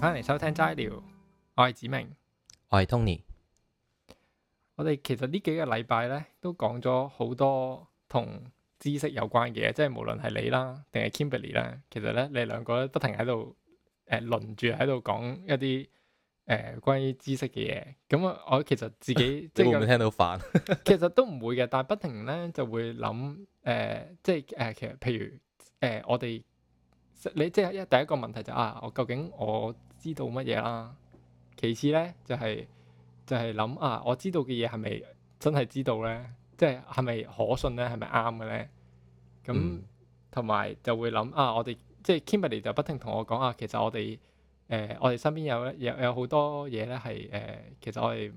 翻嚟收聽齋聊，我係梓明，我係 Tony。我哋其實呢幾個禮拜咧，都講咗好多同知識有關嘅嘢，即係無論係你啦，定係 Kimberly 啦，其實咧，你哋兩個咧不停喺度誒輪住喺度講一啲誒關於知識嘅嘢。咁啊，我其實自己即係會唔會聽到煩？其實都唔會嘅，但係不停咧就會諗誒，即係誒，其實譬如誒，我哋你即係一第一個問題就啊，我究竟我。知道乜嘢啦？其次咧就係、是、就係、是、諗啊，我知道嘅嘢係咪真係知道咧？即係係咪可信咧？係咪啱嘅咧？咁同埋就會諗啊，我哋即係 Kimberly 就不停同我講啊，其實我哋誒、呃、我哋身邊有有好多嘢咧係誒，其實我哋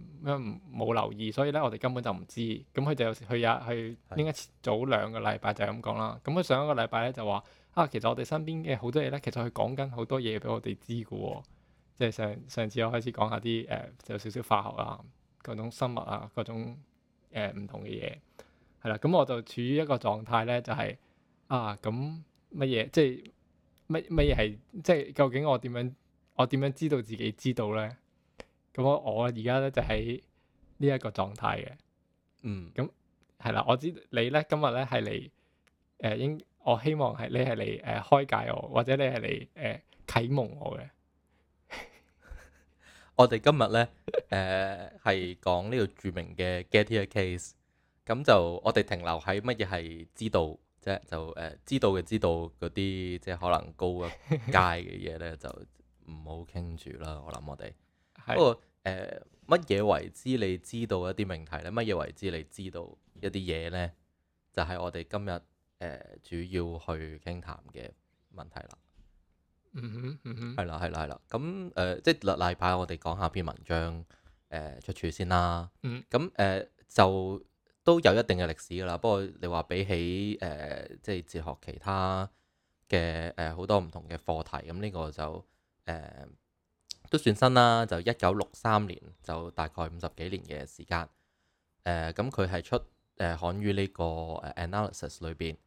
冇留意，所以咧我哋根本就唔知。咁佢就有時去日去呢一次早兩個禮拜就係咁講啦。咁佢上一個禮拜咧就話啊，其實我哋身邊嘅好多嘢咧，其實佢講緊好多嘢俾我哋知㗎喎、哦。即係上上次我開始講下啲誒有少少化學啊，各種生物啊，各種誒唔、呃、同嘅嘢係啦，咁我就處於一個狀態咧，就係、是、啊咁乜嘢，即係乜乜嘢係，即係究竟我點樣我點樣知道自己知道咧？咁我而家咧就喺呢一個狀態嘅，嗯，咁係啦，我知你咧今日咧係嚟，誒應、呃，我希望係你係嚟誒開解我，或者你係嚟誒啟蒙我嘅。我哋今日呢誒係、呃、講呢個著名嘅 Gettier case，咁就我哋停留喺乜嘢係知道即啫，就、呃、誒知道嘅知道嗰啲，即係可能高一階嘅嘢呢，就唔好傾住啦。我諗我哋， 不過誒乜嘢為之你知道一啲命題呢？乜嘢為之你知道一啲嘢呢？就係、是、我哋今日誒、呃、主要去傾談嘅問題啦。嗯哼，嗯哼，係 啦，係啦，係啦。咁誒、呃，即係例牌，我哋講下篇文章、呃、出處先啦。咁誒、 嗯嗯嗯、就都有一定嘅歷史噶啦。不過你話比起誒、呃、即係哲學其他嘅誒好多唔同嘅課題，咁、嗯、呢、呢個就誒、呃、都算新啦。就一九六三年，就大概五十幾年嘅時間。誒咁佢係出誒刊於呢個 Analysis 裏邊，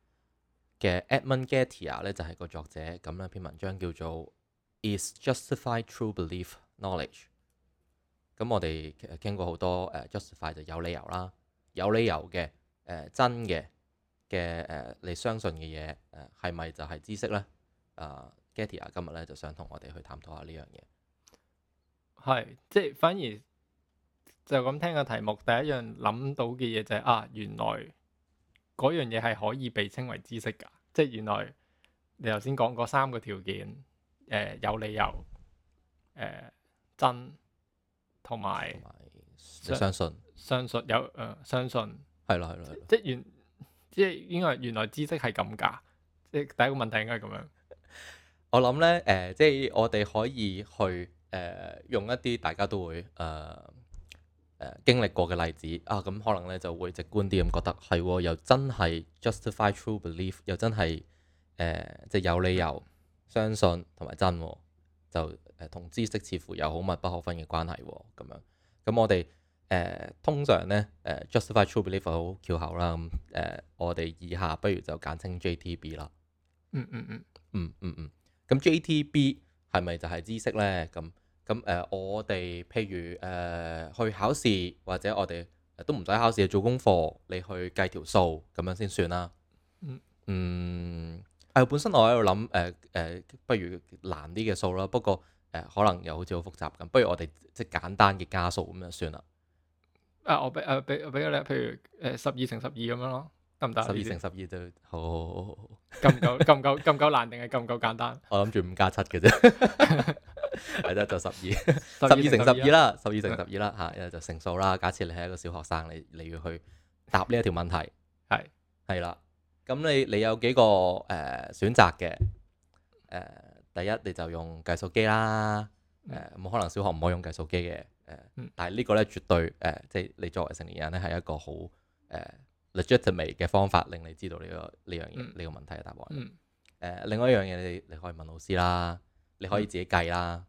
嘅 Edmund Gettier 咧就係、是、個作者，咁呢篇文章叫做 Is Justified True Belief Knowledge。咁我哋傾過好多誒、呃、justified 就有理由啦，有理由嘅誒、呃、真嘅嘅誒你相信嘅嘢誒係咪就係知識咧？誒、呃、Gettier 今日咧就想同我哋去探討下呢樣嘢。係，即係反而就咁聽個題目，第一樣諗到嘅嘢就係、是、啊，原來。嗰樣嘢係可以被稱為知識㗎，即係原來你頭先講嗰三個條件，誒、呃、有理由，誒、呃、真同埋相信相信有誒相信係咯係咯，即係原即係應該係原來知識係咁㗎，即係第一個問題應該係咁樣。我諗咧誒，即係我哋可以去誒、呃、用一啲大家都會誒。呃誒，經歷過嘅例子啊，咁可能咧就會直觀啲咁覺得係喎，又真係 justify true belief，又真係誒，即係有理由相信同埋真，就誒同知識似乎有好密不可分嘅關係喎，咁樣。咁我哋誒通常咧誒 justify true belief 好翹口啦，咁誒我哋以下不如就簡稱 JTB 啦。嗯嗯嗯嗯嗯嗯。咁 JTB 係咪就係知識咧？咁、嗯？嗯嗯嗯嗯嗯啊咁誒，我哋譬如誒、呃、去考試，或者我哋、呃、都唔使考試，做功課，你去計條數咁樣先算啦。嗯嗯、呃，本身我喺度諗誒誒，不如難啲嘅數啦。不過誒、呃，可能又好似好複雜咁，不如我哋即係簡單嘅加數咁就算啦、啊。啊，我俾誒俾俾你，譬如誒十二乘十二咁樣咯，得唔得？十二乘十二就好好好好好。夠唔夠？夠唔夠？夠唔夠難定係夠唔夠簡單？ 我諗住五加七嘅啫。 係啦，就十二，十二乘十二啦，十二乘十二啦，吓，因就成數啦。假設你係一個小學生，你你要去答呢一條問題，係係啦。咁你你有幾個誒、呃、選擇嘅？誒、呃，第一你就用計數機啦。誒、呃，冇可能小學唔可以用計數機嘅。誒、呃，嗯、但係呢個咧絕對誒、呃，即係你作為成年人咧係一個好誒、呃、legitimate 嘅方法，令你知道呢、呢個呢樣呢個問題嘅答案。誒、嗯嗯呃，另外一樣嘢你你可以問老師啦。你可以自己計啦。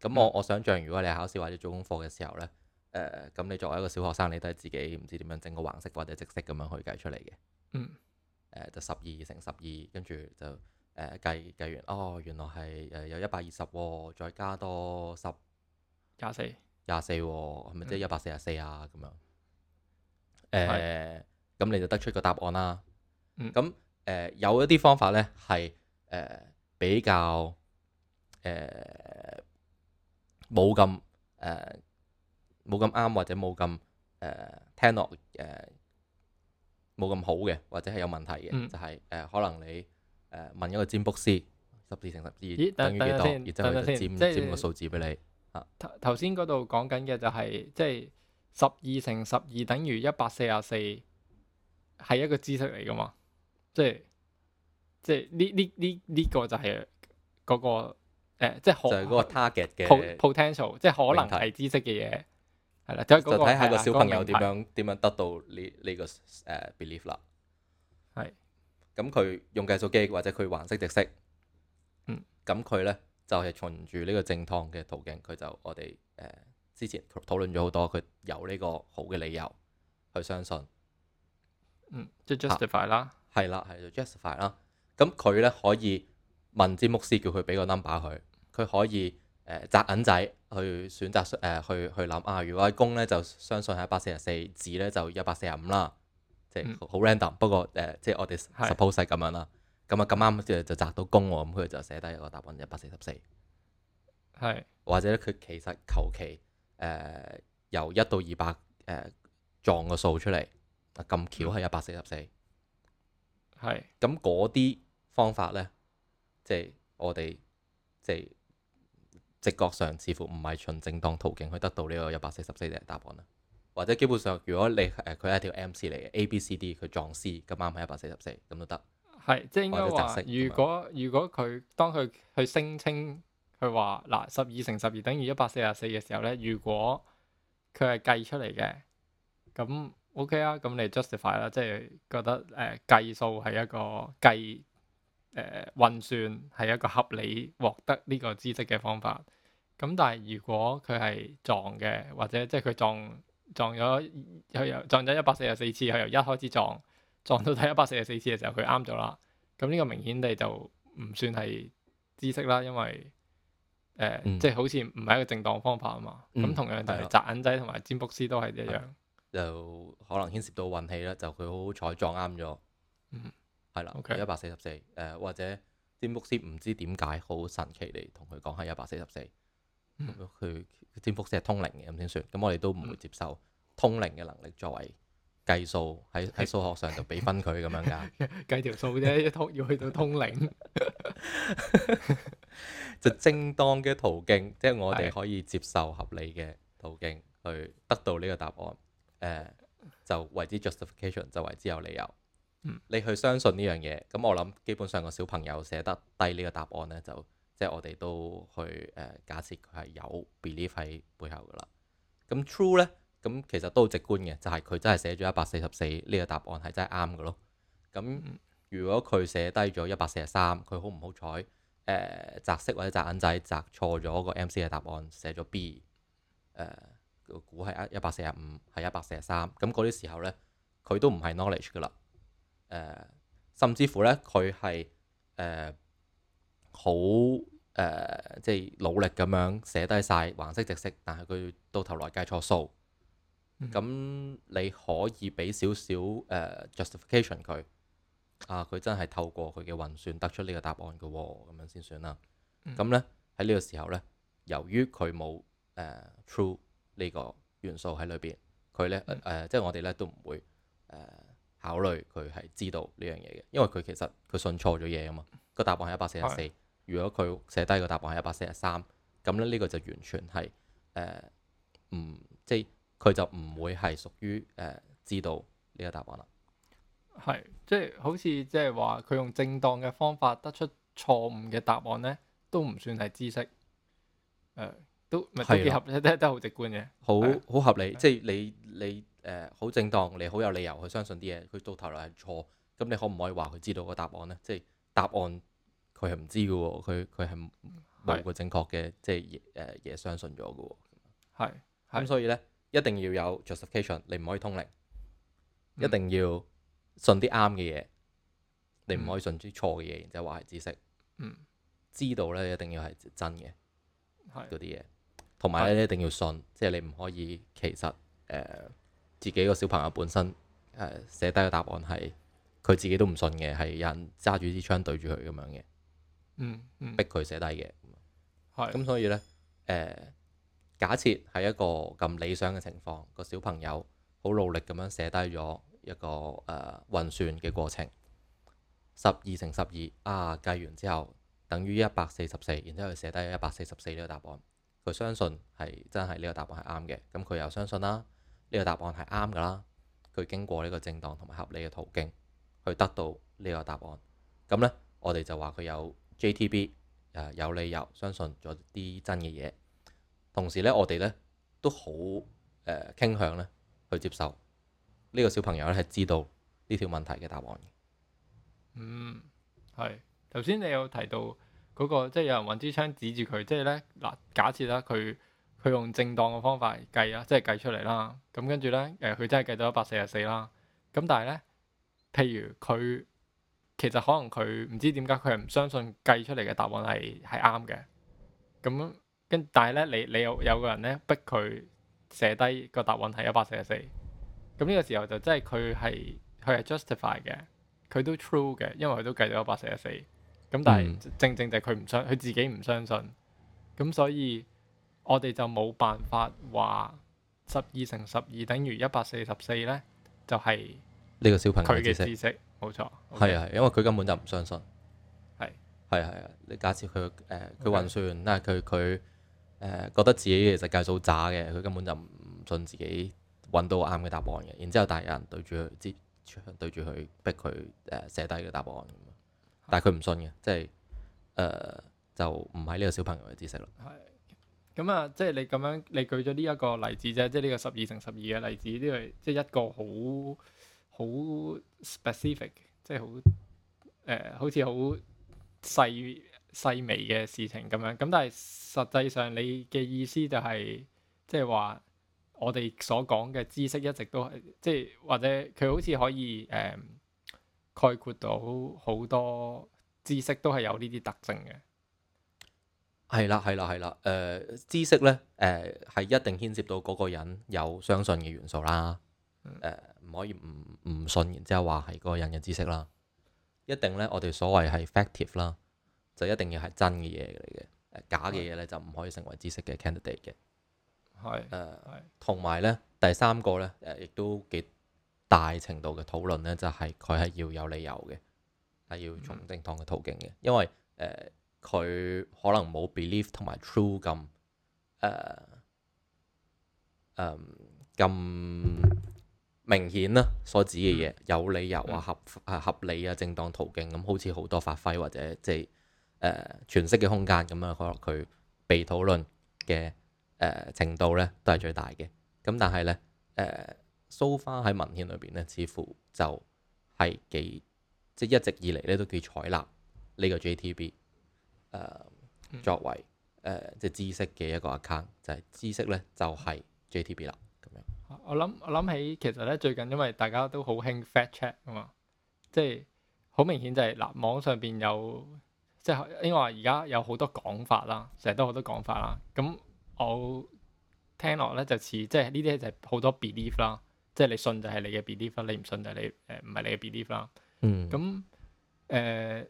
咁、嗯、我我想像，如果你考試或者做功課嘅時候呢，誒、呃、咁你作為一個小學生，你都係自己唔知點樣整個橫式或者直式咁樣去計出嚟嘅、嗯呃。就十二乘十二，跟住就誒計計完，哦，原來係有一百二十喎，再加多十廿四，廿四喎，係咪即係一百四十四啊？咁、嗯、樣誒，咁、呃、是你就得出個答案啦。咁誒、嗯呃、有一啲方法呢，係、呃、比較。誒冇咁誒冇咁啱，或者冇咁誒聽落誒冇咁好嘅，或者係有問題嘅，嗯、就係、是、誒、呃、可能你誒、呃、問一個占卜師，十二乘十二等於幾多，然之後佢就占占個數字俾你。頭頭先嗰度講緊嘅就係，即係十二乘十二等於一百四十四，係一個知識嚟噶嘛？即係即係呢呢呢呢個就係嗰、那個。誒，即係嗰個 target 嘅 potential，即係可能係知識嘅嘢，係啦、嗯。就睇、是、下、那個、個小朋友點樣點樣得到呢呢個誒 belief 啦。係的。咁佢用計數機，或者佢橫式直式。咁佢咧就係、是、循住呢個正統嘅途徑，佢就我哋誒、呃、之前討論咗好多，佢有呢個好嘅理由去相信。嗯，就 justify 啦、啊。係啦、嗯，係就 justify 啦的。咁佢咧可以問詹姆斯叫佢俾個 number 佢。佢可以誒擲銀仔去選擇誒、呃、去去諗啊！如果係公咧就相信係一百四十四，字咧就一百四十五啦，即係是、嗯、好 random。不過誒，即係我哋 suppose 咁樣啦。咁啊咁啱就就擲到公喎，咁佢就寫低一個答案一百四十四。係是或者咧，佢其實求其誒由一到二百誒撞個數出嚟啊！咁巧係一百四十四。係咁嗰啲方法咧，即係我哋即係。即即即直覺上似乎唔係循正當途徑去得到呢個一百四十四嘅答案啦，或者基本上如果你誒佢係條 M 字嚟嘅 A、B、呃、C、ABC、D，佢撞 C，咁啱係一百四十四咁都得。係，即係應該話，如果如果佢當佢去聲稱佢話嗱十二乘十二等於一百四十四嘅時候咧，如果佢係計出嚟嘅，咁 OK 啊，咁你 justify 啦、啊，即係覺得誒計數係一個計。誒、啊，運算係一個合理獲得呢個知識嘅方法。咁但係如果佢係撞嘅，或者即係佢撞撞咗，又又撞咗一百四十四次，佢由一開始撞撞到第一百四十四次嘅時候，佢啱咗啦。咁呢個明顯地就唔算係知識啦，因為誒即係好似唔係一個正當方法啊嘛。咁同樣就係扎恩仔同埋詹卜斯都係一樣，就可能牽涉到運氣啦。就佢好好彩撞啱咗。嗯嗯係啦，一百四十四，誒 Okay. 或者占卜師唔知點解好神奇地同佢講係一百四十四，佢占、嗯、卜師係通靈嘅咁先算，咁我哋都唔會接受通靈嘅能力作為計數，喺喺數學上就俾分佢咁樣㗎， 計條數啫，一通 要去到通靈， 就正當嘅途徑，即、就、係、是、我哋可以接受合理嘅途徑去得到呢個答案，誒、呃、就為之 justification，就為之有理由。嗯、你去相信呢樣嘢咁，我諗基本上個小朋友寫得低呢個答案呢，就即係我哋都去誒、呃、假設佢係有 belief 喺背後噶啦。咁 true 呢，咁其實都好直觀嘅，就係、是、佢真係寫咗一百四十四呢個答案係真係啱嘅咯。咁如果佢寫低咗一百四十三，佢好唔好彩誒擲色或者擲銀仔擲錯咗個 MC 嘅答案，寫咗 B 誒估係一一百四十五係一百四十三咁嗰啲時候呢，佢都唔係 knowledge 噶啦。誒，uh, 甚至乎咧，佢係誒好誒，uh, uh, 即係努力咁樣寫低晒橫式、直式，但係佢到頭來計錯數。咁、嗯、哼你可以俾少少誒 justification 佢啊，佢真係透過佢嘅運算得出呢個答案嘅喎、哦，咁樣先算啦。咁咧喺呢個時候咧，由於佢冇誒 true 呢個元素喺裏邊，佢咧誒即係我哋咧都唔會誒。Uh, 考慮佢係知道呢樣嘢嘅，因為佢其實佢信錯咗嘢啊嘛。個答案係一百四十四，如果佢寫低個答案係一百四十三，咁咧呢個就完全係誒唔即係佢就唔會係屬於誒知道呢個答案啦。係即係好似即係話佢用正當嘅方法得出錯誤嘅答案咧，都唔算係知識誒、呃，都都幾合理咧都都好直觀嘅，好好的合理。即係你你。的誒好、uh, 正當，你好有理由去相信啲嘢。佢到頭來係錯，咁你可唔可以話佢知道個答案呢？即、就、係、是、答案佢係唔知㗎喎，佢佢係冇個正確嘅即係誒嘢相信咗㗎喎。係咁、嗯，所以呢，一定要有 justification，你唔可以通靈，一定要信啲啱嘅嘢，嗯、你唔可以信啲錯嘅嘢，嗯、然之後話係知識。嗯、知道呢一定要係真嘅嗰啲嘢，同埋咧一定要信，即、就、係、是、你唔可以其實誒。Uh, 自己個小朋友本身誒、呃、寫低個答案係佢自己都唔信嘅，係有人揸住支槍對住佢咁樣嘅，嗯嗯、逼佢寫低嘅。係咁的所以呢，誒、呃，假設係一個咁理想嘅情況，個小朋友好努力咁樣寫低咗一個誒、呃、運算嘅過程，十二乘十二啊計完之後等於一百四十四，然之後佢寫低一百四十四呢個答案，佢相信係真係呢個答案係啱嘅，咁佢又相信啦。呢個答案係啱㗎啦，佢經過呢個正當同埋合理嘅途徑去得到呢個答案，咁呢，我哋就話佢有 JTB 誒有理由相信咗啲真嘅嘢，同時呢，我哋呢都好誒傾向呢去接受呢個小朋友呢係知道呢條問題嘅答案嘅。嗯，係頭先你有提到嗰個即係有人揾支槍指住佢，即係呢。嗱假設啦，佢。佢用正當嘅方法計、計、呃、計啦，即係計出嚟啦。咁跟住呢，誒佢真係計到一百四十四啦。咁但係呢，譬如佢其實可能佢唔知點解佢係唔相信計出嚟嘅答案係係啱嘅。咁但係呢，你你有有個人呢，逼佢寫低個答案係一百四十四。咁呢個時候就真係佢係佢係 justify 嘅，佢都 true 嘅，因為佢都計到一百四十四。咁但係正正就係佢唔相佢自己唔相信。咁、嗯、所以。我哋就冇辦法話十二乘十二等於一百四十四呢，就係、係、呢個小朋友嘅知識，冇錯。係啊、okay，因為佢根本就唔相信。係係係啊！你假設佢誒佢運算，但係佢佢誒覺得自己其實計數渣嘅，佢根本就唔信自己揾到啱嘅答案嘅。然之後，但係有人對住佢，即係對住佢逼佢誒寫低嘅答案，的但係佢唔信嘅，即係誒、呃、就唔係呢個小朋友嘅知識咯。係。咁啊，即係你咁樣，你舉咗呢一個例子啫，即係呢個十二乘十二嘅例子，呢個即係一個好好 specific，即係好誒，好似好細細微嘅事情咁樣。咁但係實際上，你嘅意思就係、是、即係話，我哋所講嘅知識一直都係，即係或者佢好似可以誒、呃、概括到好多知識都係有呢啲特徵嘅。係啦，係啦，係啦。誒、呃，知識咧，誒、呃、係一定牽涉到嗰個人有相信嘅元素啦。誒、嗯，唔、呃、可以唔唔信，然之後話係嗰個人嘅知識啦。一定咧，我哋所謂係 factive 啦，就一定要係真嘅嘢嚟嘅。假嘅嘢咧就唔可以成為知識嘅 candidate 嘅。係的。誒、呃，係。同埋咧，第三個咧，誒、呃、亦都幾大程度嘅討論咧，就係佢係要有理由嘅，係要從正當嘅途徑嘅，因為誒，呃佢可能冇 belief 同埋 true 咁誒誒咁、uh, um, 明顯啦，所指嘅嘢、嗯、有理由啊、合啊、合理啊、正當途徑，咁，好似好多發揮或者即係誒詮釋嘅空間，咁樣可能佢被討論嘅誒程度咧都係最大嘅。咁但係咧誒，so far 喺文獻裏邊咧，似乎就係幾即係、就是、一直以嚟咧都叫採納呢個 JTB。誒作為誒、呃、即係知識嘅一個 account，就係知識咧就係、是、JTB 啦咁樣。我諗我諗起其實咧最近因為大家都好興 fact check 啊嘛，即係好明顯就係、是、嗱、啊、網上邊有即係因為而家有好多講法啦，成日都好多講法啦。咁我聽落咧就似即係呢啲就係好多 belief 啦，即係你信就係你嘅 belief 你唔信就係你誒唔係你嘅 belief 啦。嗯。咁誒、呃、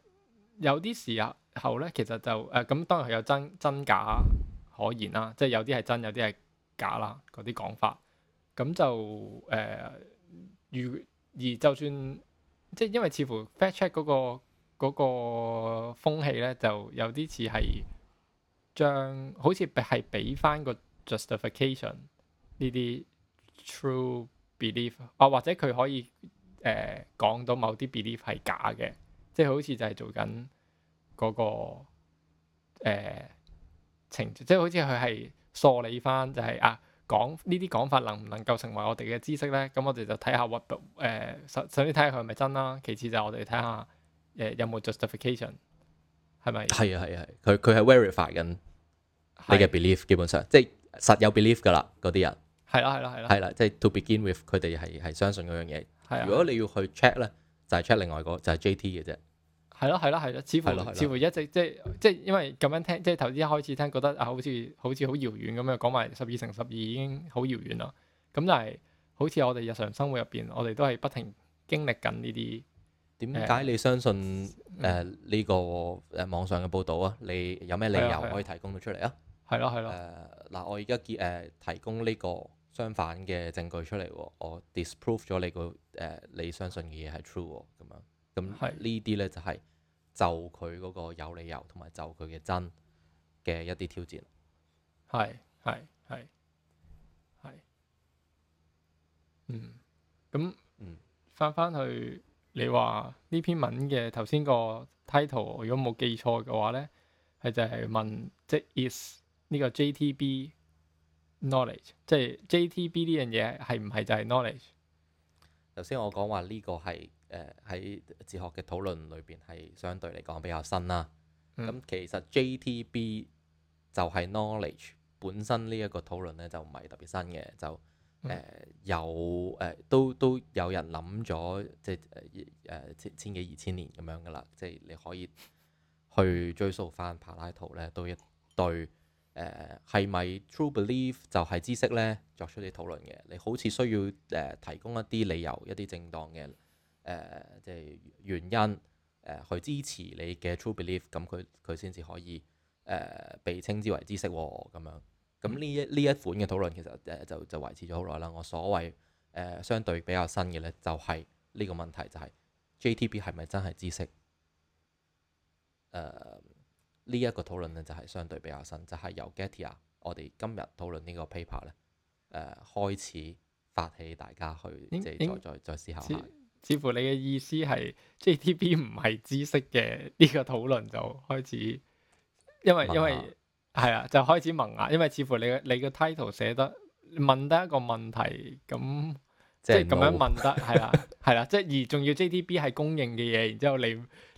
有啲時啊～後咧，其實就誒咁、呃，當然係有真真假可言啦，即係有啲係真，有啲係假啦。嗰啲講法咁就誒，如、呃、而就算即係因為似乎 fact check 嗰、嗰個嗰、嗰個風氣咧，就有啲似係將好似係俾翻個 justification 呢啲 true belief 啊，或者佢可以誒、呃、講到某啲 belief 係假嘅，即係好似就係做緊。嗰、那個、呃、情，即係好似佢係梳理返，就係、是、啊講呢啲講法能唔能夠成為我哋嘅知識咧？咁、嗯、我哋就睇下 what 誒，首首先睇下佢係咪真啦，其次就我哋睇下誒有冇 justification 係咪？係啊係啊係，佢佢係 verify 緊你嘅 belief，基本上即係實有 belief 噶啦嗰啲人。係啦係啦係啦，係啦，即係、就是、to begin with，佢哋係係相信嗰樣嘢。係啊的，如果你要去 check 咧，就係、是、check 另外個，就係 JT 嘅啫。係咯，係咯，係咯，似乎似乎一直即係即係，因為咁樣聽，即係頭先一開始聽，覺得啊好似好似好遙遠咁樣，講埋十二乘十二已經遙遠好遙遠啦。咁就係好似我哋日常生活入邊，我哋都係不停經歷緊呢啲。點解你相信誒呢、嗯呃這個誒網上嘅報道啊？你有咩理由可以提供到出嚟啊？係咯係咯。誒嗱、啊啊啊呃，我而家結誒提供呢個相反嘅證據出嚟，我 disprove 咗你個誒、呃、你相信嘅嘢係 true 咁樣。咁呢啲咧就係、是。就佢嗰個有理由，同埋就佢嘅真嘅一啲挑戰，係係係係，嗯，咁，嗯，翻翻去你話呢篇文嘅頭先個 title，如果冇記錯嘅話咧，係就係問即 is 呢個 JTB knowledge，即 JTB 呢樣嘢係唔係就係 knowledge？頭先我講話呢個係。喺哲學嘅討論裏邊係相對嚟講比較新啦。咁、嗯、其實 JTB 就係 knowledge 本身呢一個討論咧，就唔係特別新嘅。就誒有誒都都有人諗咗，即係誒誒千千幾二千年咁樣噶啦。即係你可以去追溯翻柏拉圖咧，都一對誒係、呃、咪 true belief 就係知識咧作出啲討論嘅。你好似需要誒、呃、提供一啲理由，一啲正當嘅。誒，即係、呃就是、原因誒、呃，去支持你嘅 true belief，咁佢佢先至可以誒、呃、被稱之為知識喎、哦、咁樣，咁呢一呢一款嘅討論其實誒、呃、就就維持咗好耐啦。我所謂誒、呃、相對比較新嘅咧，就係呢個問題就係、是、JTB 係咪真係知識？誒呢一個討論咧就係相對比較新，就係、是、由 Gettier 我哋今日討論呢個 paper 咧誒、呃、開始發起，大家去即係、就是、再再再思考下。似乎你嘅意思係 JTB 唔係知識嘅呢個討論就開始，因為因為係啊就開始萌芽，因為似乎你嘅你嘅 title 寫得問得一個問題，咁即係咁樣問得係啦係啦，即係 而仲要 JTB 係公認嘅嘢，然之後你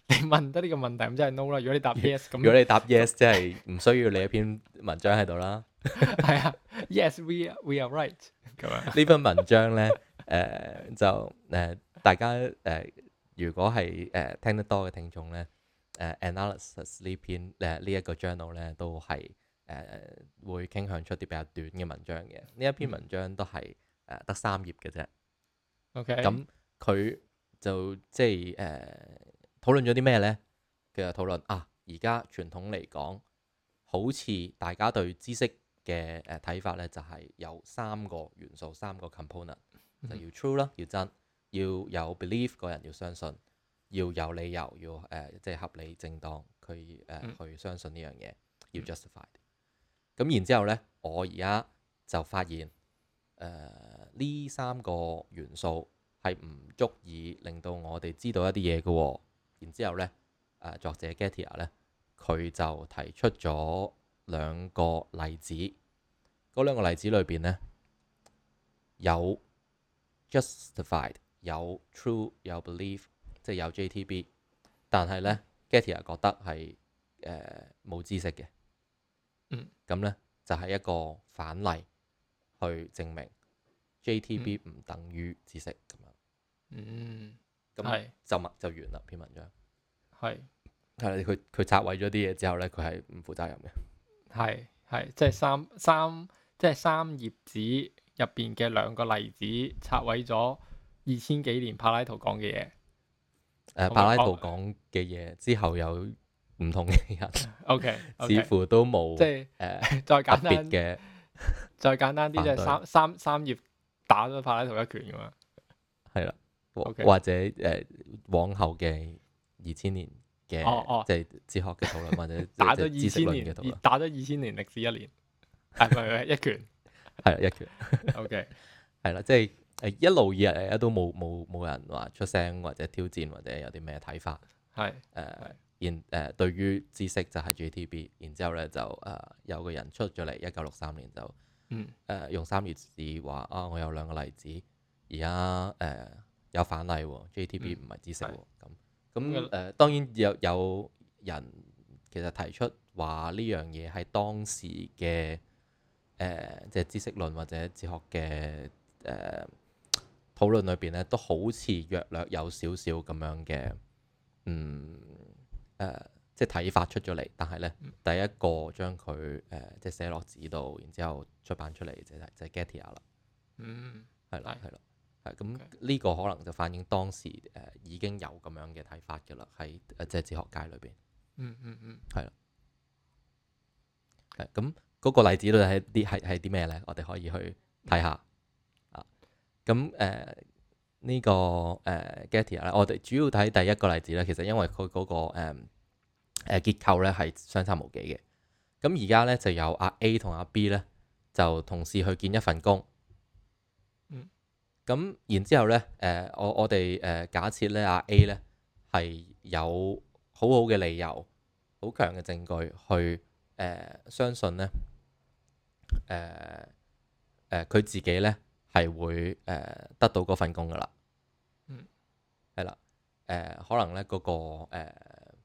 你問得呢個問題咁即係 no 啦，如果你答 yes 咁如果你答 yes 那 即係唔需要你一篇文章喺度啦，係 啊 yes we are, we are right 咁樣呢篇文章咧誒就誒。呃呃呃呃大家誒、呃，如果係誒、呃、聽得多嘅聽眾咧，誒、呃、analysis 呢篇咧呢一個 journal 咧，都係誒、呃、會傾向出啲比較短嘅文章嘅。呢一篇文章都係誒得三頁嘅啫。OK，咁佢就即係誒討論咗啲咩咧？佢就討論啊，而家傳統嚟講，好似大家對知識嘅誒睇法咧，就係有三個元素，三個 component、嗯、就要 true 啦，要真。要有 belief，個人要相信，要有理由，要誒、呃、即係合理正當佢誒、呃、去相信、嗯、呢樣嘢，要 j u s t i f i e d。咁然之後咧，我而家就發現誒呢、呃、三個元素係唔足以令到我哋知道一啲嘢嘅。然之後咧、呃、作者 Gatia 咧，佢就提出咗兩個例子，嗰兩個例子裏邊咧有 j u s t i f i e d 有 true 有 belief，即係有 J.T.B.，但係咧，Gettier 啊覺得係誒冇知識嘅，嗯，咁咧就係、是、一個反例去證明 J.T.B. 唔、嗯、等於知識咁樣，嗯，咁係樣是就文就完啦，篇文章係係佢佢拆毀咗啲嘢之後咧，佢係唔負責任嘅，係係即係三三即係三頁紙入邊嘅兩個例子拆毀咗。二千幾年柏拉圖講嘅嘢，誒柏拉圖講嘅嘢之後有唔同嘅人，OK，似乎都冇即係誒再簡單嘅，再簡單啲即係三三三頁打咗柏拉圖一拳咁樣，係啦，或者誒往後嘅二千年嘅，即係哲學嘅討論或者打咗二千年，嘅討論打咗二千年歷史一年，係咪？一拳，係啦，一拳，OK，係啦，即係。一路以嚟都冇冇冇人話出聲或者挑戰或者有啲咩睇法，係誒然誒對於知識就係 JTB，然之後呢就誒、呃、有個人出咗嚟，一九六三年就、嗯呃、用三頁紙話啊，我有兩個例子，而家誒有反例喎，JTB 唔係知識喎。咁咁誒當然有有人其實提出話呢樣嘢喺當時嘅誒、呃、即係知識論或者哲學嘅誒。呃討論裏邊咧，都好似略略有少少咁樣嘅，嗯誒、嗯呃，即係睇法出咗嚟。但係咧，嗯、第一個將佢誒即係寫落紙度，然之後出版出嚟就係就係 Gettier 啦。嗯，係、嗯、啦，係啦了，係、嗯。咁呢個可能就反映當時誒已經有咁樣嘅睇法嘅啦，喺誒即係哲學界裏邊。嗯嗯是嗯，係啦。係咁，嗰個例子都係啲係係啲咩咧？我哋可以去睇下。咁誒呢個誒 Gettier 咧，我哋主要睇第一個例子咧，其實因為佢嗰、那個誒誒、呃呃、結構咧係相差無幾嘅。咁而家咧就有阿、啊、A 同阿、啊、B 咧就同時去見一份工。嗯。咁然之後咧，誒、呃、我我哋誒、呃、假設咧阿 A 咧係有好好嘅理由、好強嘅證據去誒、呃、相信咧誒誒佢自己咧。係會誒得到嗰份工噶啦，嗯，係啦，誒、呃、可能咧、那、嗰個誒、呃、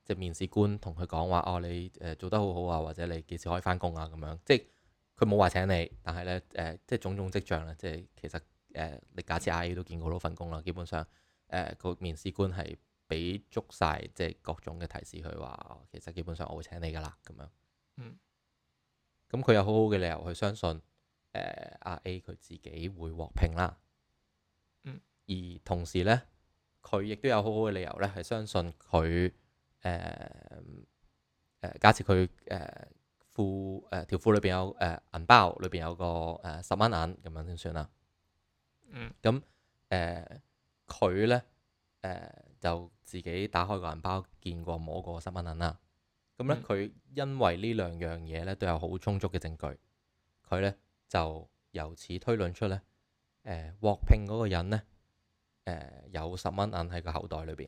即係面試官同佢講話哦，你誒做得好好啊，或者你幾時可以返工啊，咁樣，即係佢冇話請你，但係咧誒即係種種跡象啦，即係其實誒你、呃、假設阿 A 都見過嗰份工啦，基本上誒個、呃、面試官係俾足晒即係各種嘅提示佢話，其實基本上我會請你噶啦，咁樣，嗯，咁佢、嗯、有好好嘅理由去相信。誒阿 A 佢自己會獲聘啦，嗯、而同時呢，佢亦都有好好嘅理由呢，係相信佢誒、呃呃呃、假設佢誒、呃、褲誒、呃、條褲裏邊有誒、呃、銀包裏邊有個誒、呃、十蚊銀咁樣先算啦，嗯，咁誒佢呢，誒、呃呃、就自己打開個銀包，見過摸過十蚊銀啦，咁呢，佢、嗯、因為呢兩樣嘢呢，都有好充足嘅證據，佢呢。就由此推論出咧，誒、呃、獲聘嗰個人咧，誒、呃、有十蚊銀喺個口袋裏邊。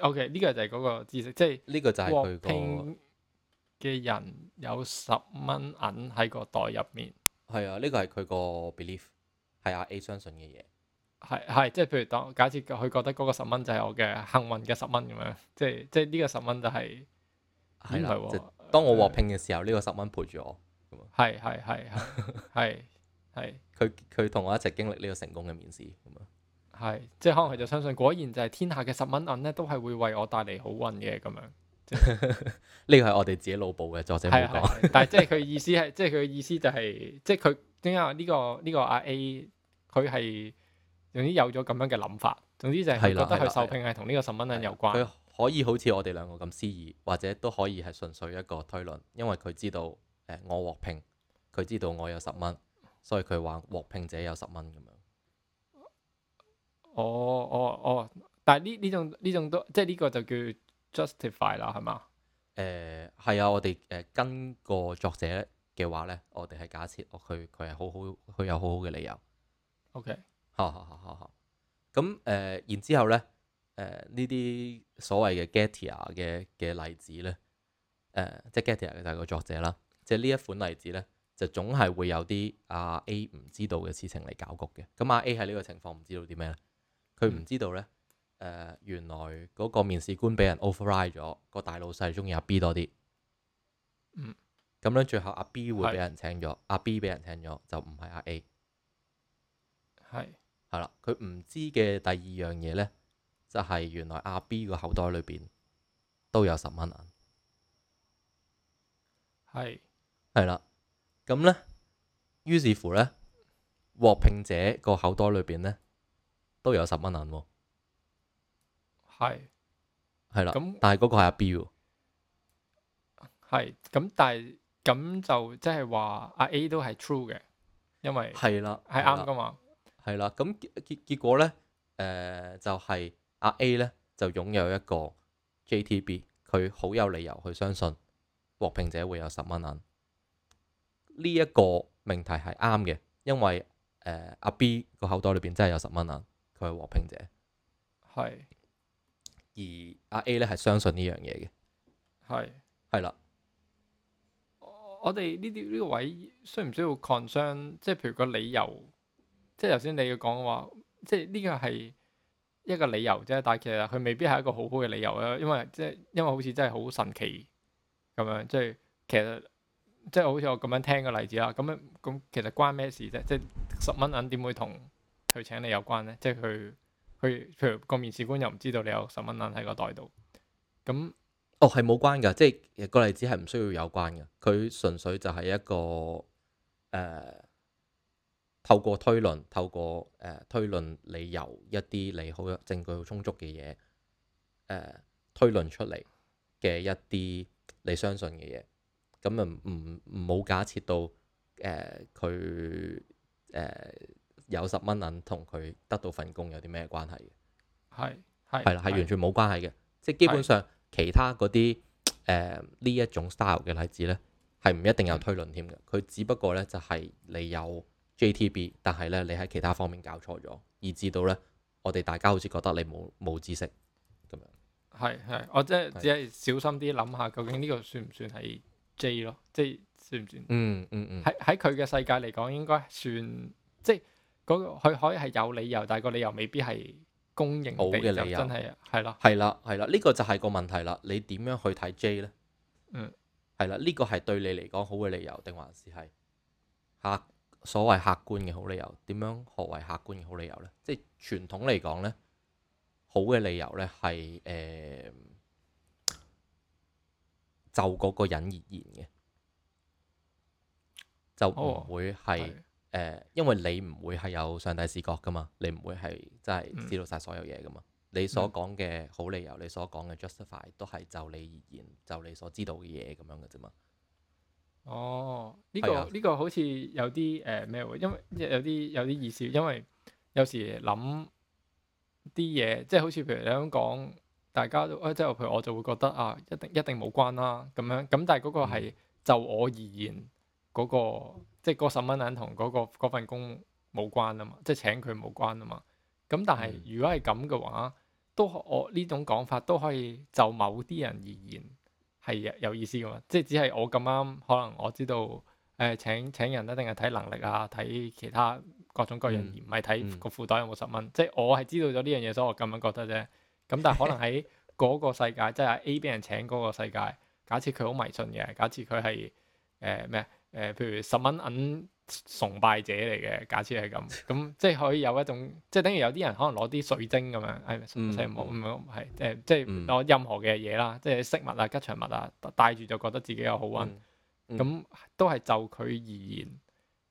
OK。呢個就係嗰個知識，即係獲聘嘅人有十蚊銀喺個袋入面。係啊，呢個係佢個 belief，係阿 A 相信嘅嘢。係係，即係譬如當假設佢覺得嗰個十蚊就係我嘅幸運嘅十蚊咁樣，即係即係呢個十蚊就係係啦。嗯的當我獲聘嘅時候，呢、這個十蚊陪住我，係係係係係，佢佢同我一齊經歷呢個成功嘅面試，係，即係可能佢就相信，果然就係天下嘅十蚊銀咧，都係會為我帶嚟好運嘅咁樣。呢個係我哋自己腦補嘅作者設定，但係即係佢意思係， 即係佢意思就係、是，即係佢點解呢個呢、這個阿 A，佢係總之有咗咁樣嘅諗法，總之就係覺得佢受聘係同呢個十蚊銀有關。可以好似我哋兩個咁思議，或者都可以係純粹一個推論，因為佢知道、呃、我獲聘，佢知道我有十蚊，所以佢話獲聘者有十蚊咁樣。哦哦哦，但係呢呢種都即係呢個就叫 justify 啦，係嘛？誒係、呃、啊，我哋、呃、跟個作者嘅話呢，我哋係假設佢佢係好好佢有好好嘅理由。OK，好好好好好，咁、呃、然之後咧。誒呢啲所謂嘅 Gettier 嘅嘅例子咧，誒即係 Gettier 就係個作者啦，即係呢一款例子咧，就總係會有啲阿 A 唔知道嘅事情嚟搞局嘅。咁阿 A 喺呢個情況唔知道啲咩，佢唔知道咧，誒原來嗰個面試官俾人 override 咗，個大老細中意阿 B 多啲，咁樣最後阿 B 會俾人請咗，阿 B 俾人請咗就唔係阿 A，係係啦，佢唔知嘅第二樣嘢咧。就係原來阿 B 個口袋裏邊都有十蚊銀，係係啦，咁咧，於是乎咧，獲聘者個口袋裏邊咧都有十蚊銀，係係啦，咁但係嗰個係阿 B，係咁，但係咁就即係話阿 A 都係 true 嘅，因為係啦係啱㗎嘛，係啦，咁結結結果咧，誒、呃、就係、是。阿 A 咧就擁有一個 JTB，佢好有理由去相信獲聘者會有十蚊銀。呢、這、一個命題係啱嘅，因為誒阿、呃、B 個口袋裏邊真係有十蚊銀，佢係獲聘者。係是。而阿 A 咧係相信呢樣嘢嘅。係是。係啦的。我哋呢啲呢個位需唔需要擴張？即係譬如個理由，即係頭先你要講話，即係呢個係，一個理由啫，但係其實佢未必係一個好好嘅理由咧，因為即係因為好似真係好神奇咁樣，即係其實即係好似我咁樣聽個例子啦，咁樣咁其實關咩事啫？即係十蚊銀點會同佢請你有關呢？即係佢佢譬如個面試官又唔知道你有十蚊銀喺個袋度，咁哦係冇關㗎，即係個例子係唔需要有關嘅，佢純粹就係一個誒。呃透過推論，透過誒、呃、推論理由一啲，你好有證據好充足嘅嘢，誒、呃、推論出嚟嘅一啲你相信嘅嘢，咁啊唔唔好假設到誒佢誒有十蚊銀同佢得到份工有啲咩關係嘅？係係係啦，係完全冇關係嘅，即係基本上是其他嗰啲誒呢一種 style 嘅例子咧，係唔一定有推論添嘅，佢、嗯、只不過咧就係、是、你有。JTB，但係咧，你喺其他方面搞錯咗，以至到咧，我哋大家好似覺得你冇冇知識咁樣。係係，我即係即係小心啲諗下，究竟呢個算唔算係 J 咯？即係算唔算？嗯嗯嗯。喺喺佢嘅世界嚟講，應該算，即係嗰、那個佢可以係有理由，但係個理由未必係公認好嘅理由，真係係咯。係啦係啦，呢、這個就係個問題啦。你點樣去睇 J 咧？嗯。係啦，呢、這個係對你嚟講好嘅理由，定還是係吓。所謂客觀嘅好理由，點樣學為客觀嘅好理由呢？即係傳統嚟講呢，好嘅理由呢係誒就嗰個人而言嘅，就唔會係、哦呃、因為你唔會係有上帝視角噶嘛，你唔會係真係知道晒所有嘢噶嘛，嗯、你所講嘅好理由，你所講嘅 justify 都係就你而言，就你所知道嘅嘢咁樣嘅啫嘛。哦，呢個呢個好似有啲誒咩喎？因為有啲有啲意思，因為有時諗啲嘢，即係好似譬如你咁講，大家都誒即係譬如我就會覺得啊，一定一定無關啦咁樣。咁但係嗰個係就我而言嗰個，即係嗰十蚊銀同嗰個份工冇關啊嘛，即係請佢冇關啊嘛。咁但係如果係咁嘅話，都我呢種講法都可以就某啲人而言。係有意思嘅嘛？即係只係我咁啱，可能我知道誒、呃、請請人一定係睇能力啊，睇其他各種各樣，嗯、而唔係睇個褲袋有冇十蚊。嗯、即係我係知道咗呢樣嘢，所以我咁樣覺得啫。咁但係可能喺嗰個世界， 即係 A 俾人請嗰個世界，假設佢好迷信嘅，假設佢係誒咩誒？譬如十蚊銀。崇拜者嚟嘅，假設係咁，咁即係可以有一種，即係等於有啲人可能攞啲水晶咁樣，係唔使冇咁樣，係即係即係攞任何嘅嘢啦，即係啲飾物啊、吉祥物啊，帶住就覺得自己有好運，咁、嗯嗯、都係就佢而言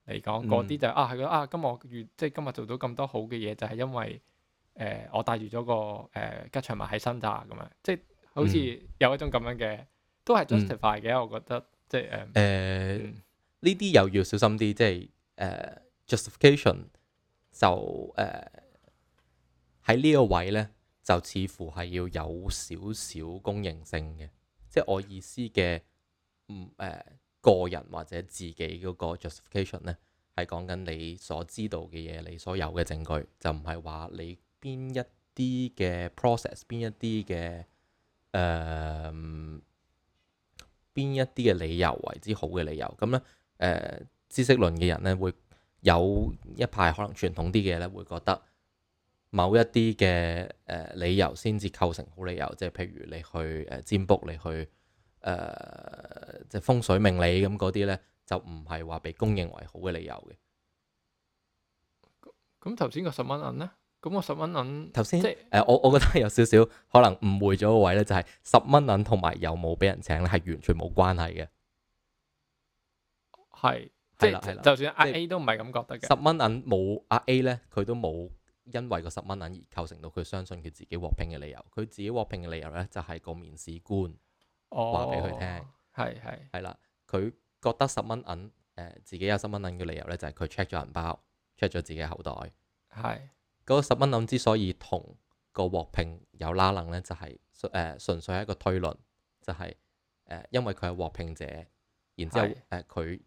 嚟講，嗰啲就係、啊係啊今日我即係今日做到咁多好嘅嘢，就係因為誒、呃、我帶住咗個誒、呃、吉祥物喺身咋咁樣，即係好似有一種咁樣嘅，都係 justify 嘅，我覺得即係誒。嗯嗯。呢啲又要小心啲，即係誒、uh, justification 就誒喺呢個位咧，就似乎係要有少少公認性嘅，即係我意思嘅，唔、呃、誒個人或者自己嗰個 justification 咧，係講緊你所知道嘅嘢，你所有嘅證據，就唔係話你邊一啲嘅 process，邊一啲嘅誒邊一啲嘅理由為之好嘅理由，咁咧。誒、呃、知識論嘅人咧，會有一派可能傳統啲嘅嘢咧，會覺得某一啲嘅誒理由先至構成好理由，即係譬如你去誒占卜，你去誒、呃、即係風水命理咁嗰啲咧，就唔係話被公認為好嘅理由嘅。咁頭先個十蚊銀咧，咁個十蚊銀頭先，誒即、呃、我我覺得有少少可能誤會咗個位咧，就係、是、十蚊銀同埋有冇俾人請咧，係完全冇關係嘅。係，即係就算阿 A 都唔係咁覺得嘅。十蚊銀冇阿 A 咧，佢都冇因為個十蚊銀而構成到佢相信佢自己獲聘嘅理由。佢自己獲聘嘅理由咧，就係個面試官話俾佢聽，係係係啦。佢覺得十蚊銀誒自己有十蚊銀嘅理由咧，就係佢 check 咗銀包，check 咗自己嘅口袋。係嗰十蚊銀之所以同個獲聘有拉楞咧，就係誒純粹係一個推論，就係、是、誒因為佢係獲聘者，然之後誒佢。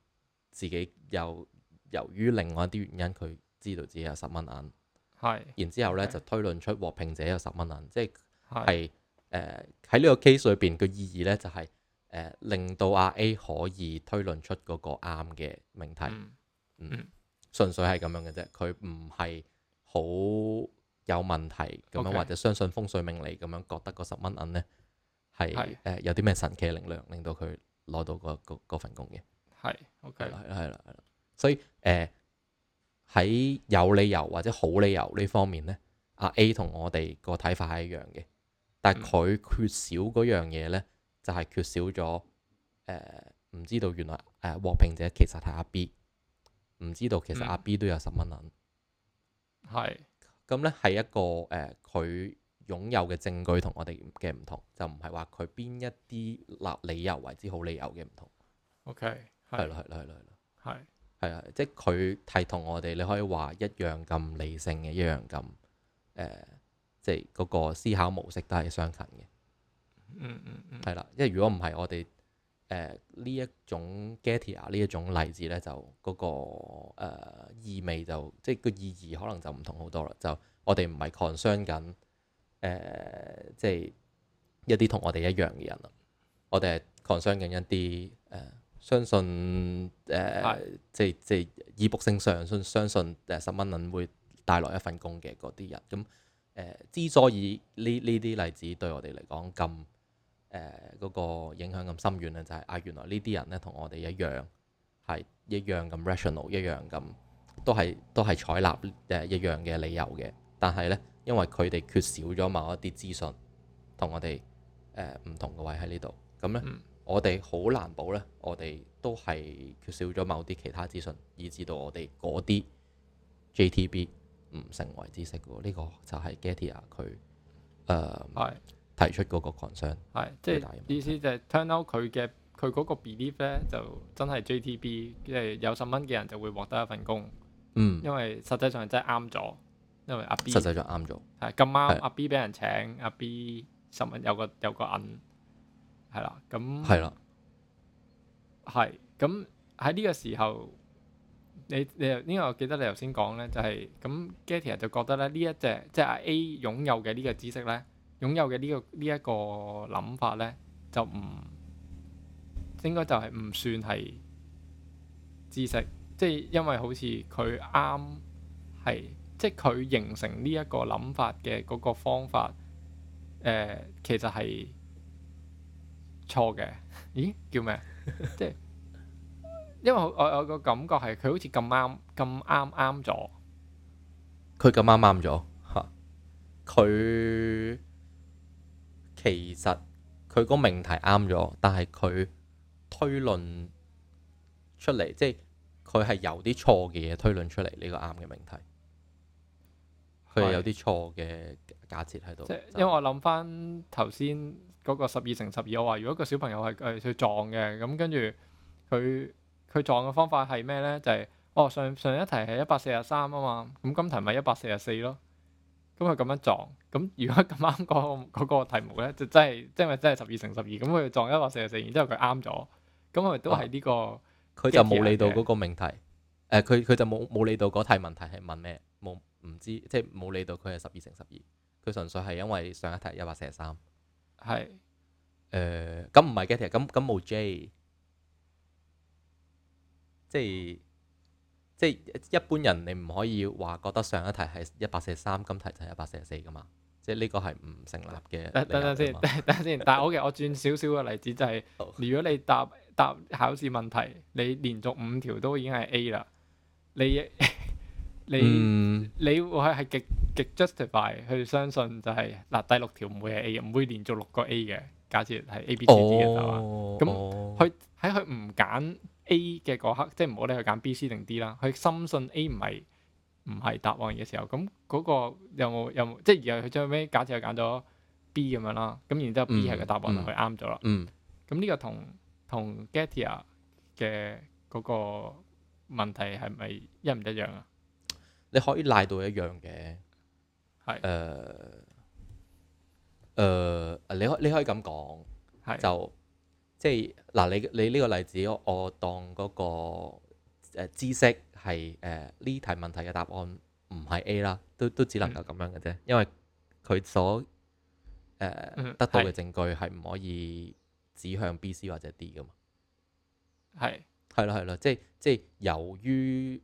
自己又由於另外一啲原因，佢知道自己有十蚊銀，係是，然之後咧 Okay. 就推論出獲聘者有十蚊銀，即係係誒喺呢個 case 裏邊嘅意義咧，就係、是、誒、呃、令到阿 A 可以推論出嗰個啱嘅命題，嗯，嗯嗯純粹係咁樣嘅啫，佢唔係好有問題咁樣，Okay. 或者相信風水命理咁樣覺得嗰十蚊銀咧係誒有啲咩神奇嘅力量令到佢攞到嗰、那個、份工嘅。係，OK，係啦，係啦，所以誒喺、呃、有理由或者好理由呢方面咧，阿、啊、A 同我哋個睇法係一樣嘅，但係佢缺少嗰樣嘢咧，就係、是、缺少咗誒唔知道原來誒獲、呃、聘者其實係阿 B，唔知道其實阿、啊、B 都有十蚊銀，係、嗯，咁咧係一個誒佢、呃、擁有嘅證據同我哋嘅唔同，就唔係話佢邊一啲立理由為之好理由嘅唔同，OK。係咯，係咯，係咯，係係啊，即係佢係同我哋，你可以話一樣咁理性嘅，一樣咁誒、呃，即係嗰個思考模式都係相近嘅。嗯嗯嗯，係啦，因為如果唔係我哋誒呢一種 Gettier 呢一種例子咧，就嗰、那個、呃、意味就即係個意義可能就唔同好多啦。就我哋唔係 concern 緊誒，即係一啲同我哋一樣嘅人啦，我哋係 concern 緊一啲誒。呃相信誒、呃是的，即係即係依卜性上信相信誒十蚊銀會帶來一份工嘅嗰啲人，咁誒、呃、之所以呢呢啲例子對我哋嚟講咁誒嗰個影響咁深遠咧，就係、是、啊原來呢啲人咧同我哋一樣，係一樣咁 rational，一樣咁都係都係採納誒一樣嘅理由嘅，但係咧因為佢哋缺少咗某一啲資訊，我呃、同我哋誒唔同嘅位喺呢度，咁咧。我哋好難保咧，我哋都係缺少咗某啲其他資訊，以至到我哋嗰啲 JTB 唔成為知識嘅喎。呢個就係 Gettier 佢誒、呃、的提出嗰個 concern 的。係，即係意思就係 turn out 佢嘅佢嗰個 belief 咧就真係 JTB，即係有十蚊嘅人就會獲得一份工。嗯。因為實際上真係啱咗，因為阿 B 實際上啱咗。係咁啱，阿 B 俾人請，的阿 B 十蚊有個有個,有個銀。係啦，咁係啦，係咁喺呢個時候，你你應該我記得你頭先講咧，就係、是、咁。Gettier 就覺得咧，呢一隻即係、就是、A 擁有嘅呢個知識咧，擁有嘅、這個這個、呢個呢一個諗法咧，就唔應該就係唔算係知識，即、就、係、是、因為好似佢啱係即係佢形成呢一個諗法嘅嗰個方法，誒、呃、其實係。錯嘅，咦？叫咩？即 係因為我，我有個感覺係佢好似咁啱，咁啱啱咗。佢咁啱啱咗，吓、啊、佢其實佢個命題啱咗，但係佢推論出嚟，即係佢係有啲錯嘅嘢推論出嚟。呢、這個啱嘅命題，佢係是有啲錯嘅假設喺度。即係因為我諗翻頭先。嗰個十二乘十二，我話如果個小朋友係誒去撞嘅，咁跟住佢佢撞嘅方法係咩呢？就係、係、哦，上上一題係一百四十三啊嘛，咁今題咪一百四十四咯，咁佢咁樣撞，咁如果咁啱嗰嗰個題目呢，就真係即係真係十二乘十二，咁佢撞一百四十四，然之後佢啱咗，咁佢都係呢個，佢就冇理到嗰個命題，誒佢佢就冇冇理到嗰題、呃、題問題係問咩，冇唔知，即係冇理到佢係十二乘十二，佢純粹係因為上一題一百四十三。係，誒咁唔係嘅題，咁咁冇 J，即係即係一般人你唔可以話覺得上一題係一百四十三，今題就係一百四十四㗎嘛，即係呢個係唔成立嘅。等等先，等等先， 但係好嘅，我轉少少嘅例子就係、是，如果你答答考試問題，你連續五條都已經係 A 啦，你。你你會係係極極 justify 去相信就係、是、嗱、啊、第六條唔會係 A 唔會連續六個 A 嘅假設係 A B C D 啊嘛咁佢喺佢唔揀 A 嘅嗰刻、哦、即係唔好理佢揀 B C 定 D 啦佢深信 A 唔係唔係答案嘅時候咁嗰個有冇有冇即係而家佢最後尾假設佢揀咗 B 咁樣啦咁然之後 B 係個、嗯嗯、答案佢啱咗啦咁呢個同同 Gettier 嘅嗰個問題係咪一唔一樣啊？你可以賴到一樣嘅，係是，誒、呃，誒、呃，你可你可以咁講，係是，就即係嗱，你你呢個例子，我當嗰個、呃、知識係誒呢題問題嘅答案唔係 A 啦，都都只能夠咁樣嘅啫，嗯、因為佢所誒、呃嗯、得到嘅證據係唔可以指向 B、C 或者 D 㗎嘛。係是，係啦，係啦，即係即係由於。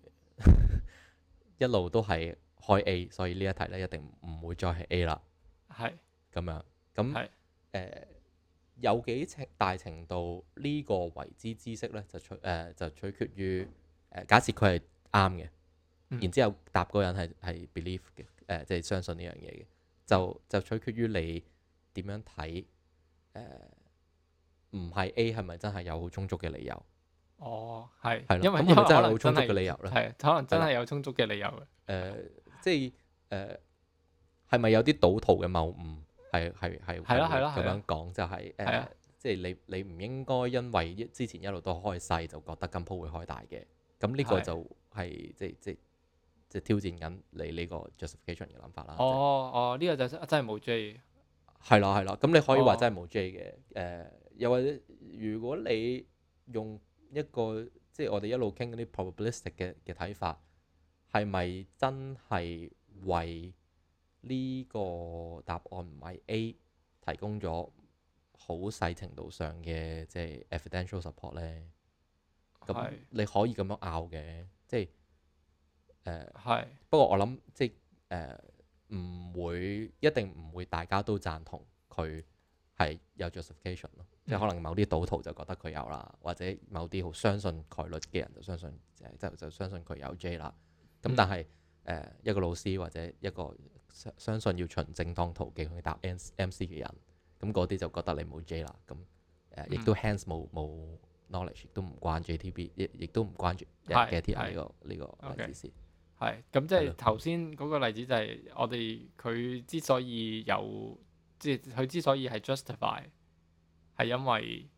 一路都係開 A，所以呢一題咧一定唔會再係 A 啦。係咁是樣咁誒是、呃，有幾程大程度呢個為之知識咧，就取誒、呃、就取決於誒、呃，假設佢係啱嘅，嗯、然之後答嗰人係係 believe 嘅誒，即係、呃就是、相信呢樣嘢嘅，就就取決於你點樣睇誒，唔、呃、係 A 係咪真係有好充足嘅理由？哦，係、oh，係其他事，因為真係好充足嘅理由啦，係，可能真係有充足嘅理由誒、欸，即係誒，係、呃、咪有啲賭徒嘅謬誤？係係係，係咯係咯咁樣講的就係、是、誒、呃，即係你你唔應該因為之前一路都開細，就覺得今鋪會開大嘅。咁呢個就係、是、的即係即係挑戰緊你呢個 justification 嘅諗法啦。哦哦，呢個就是、真係冇 J。係啦係啦，咁你、嗯、可以話真係冇 J 嘅。誒，又或者如果你用、oh,。一個即係我哋一路傾嗰啲 probabilistic 嘅嘅睇法，係咪真係為呢個答案唔係 A 提供咗好細程度上嘅即係 evidential support 咧？咁你可以咁樣拗嘅，是即係誒。係、呃。是不過我諗即係誒，呃，唔會一定唔會大家都贊同佢係有 justification 咯。即係可能某啲賭徒就覺得佢有啦，或者某啲好相信概率嘅人就相信，就就相信佢有 J 啦。咁但係誒、嗯呃、一個老師或者一個相相信要循正當途徑去答 M M C 嘅人，咁嗰啲就覺得你冇 J 啦。咁誒亦都 hands 冇冇 knowledge，亦都唔關 J T B，亦亦都唔關 J T B。呢、這個呢個例子先。係，咁即係頭先嗰個例子就係我哋佢之所以有，即係佢之所以係 justify。係因為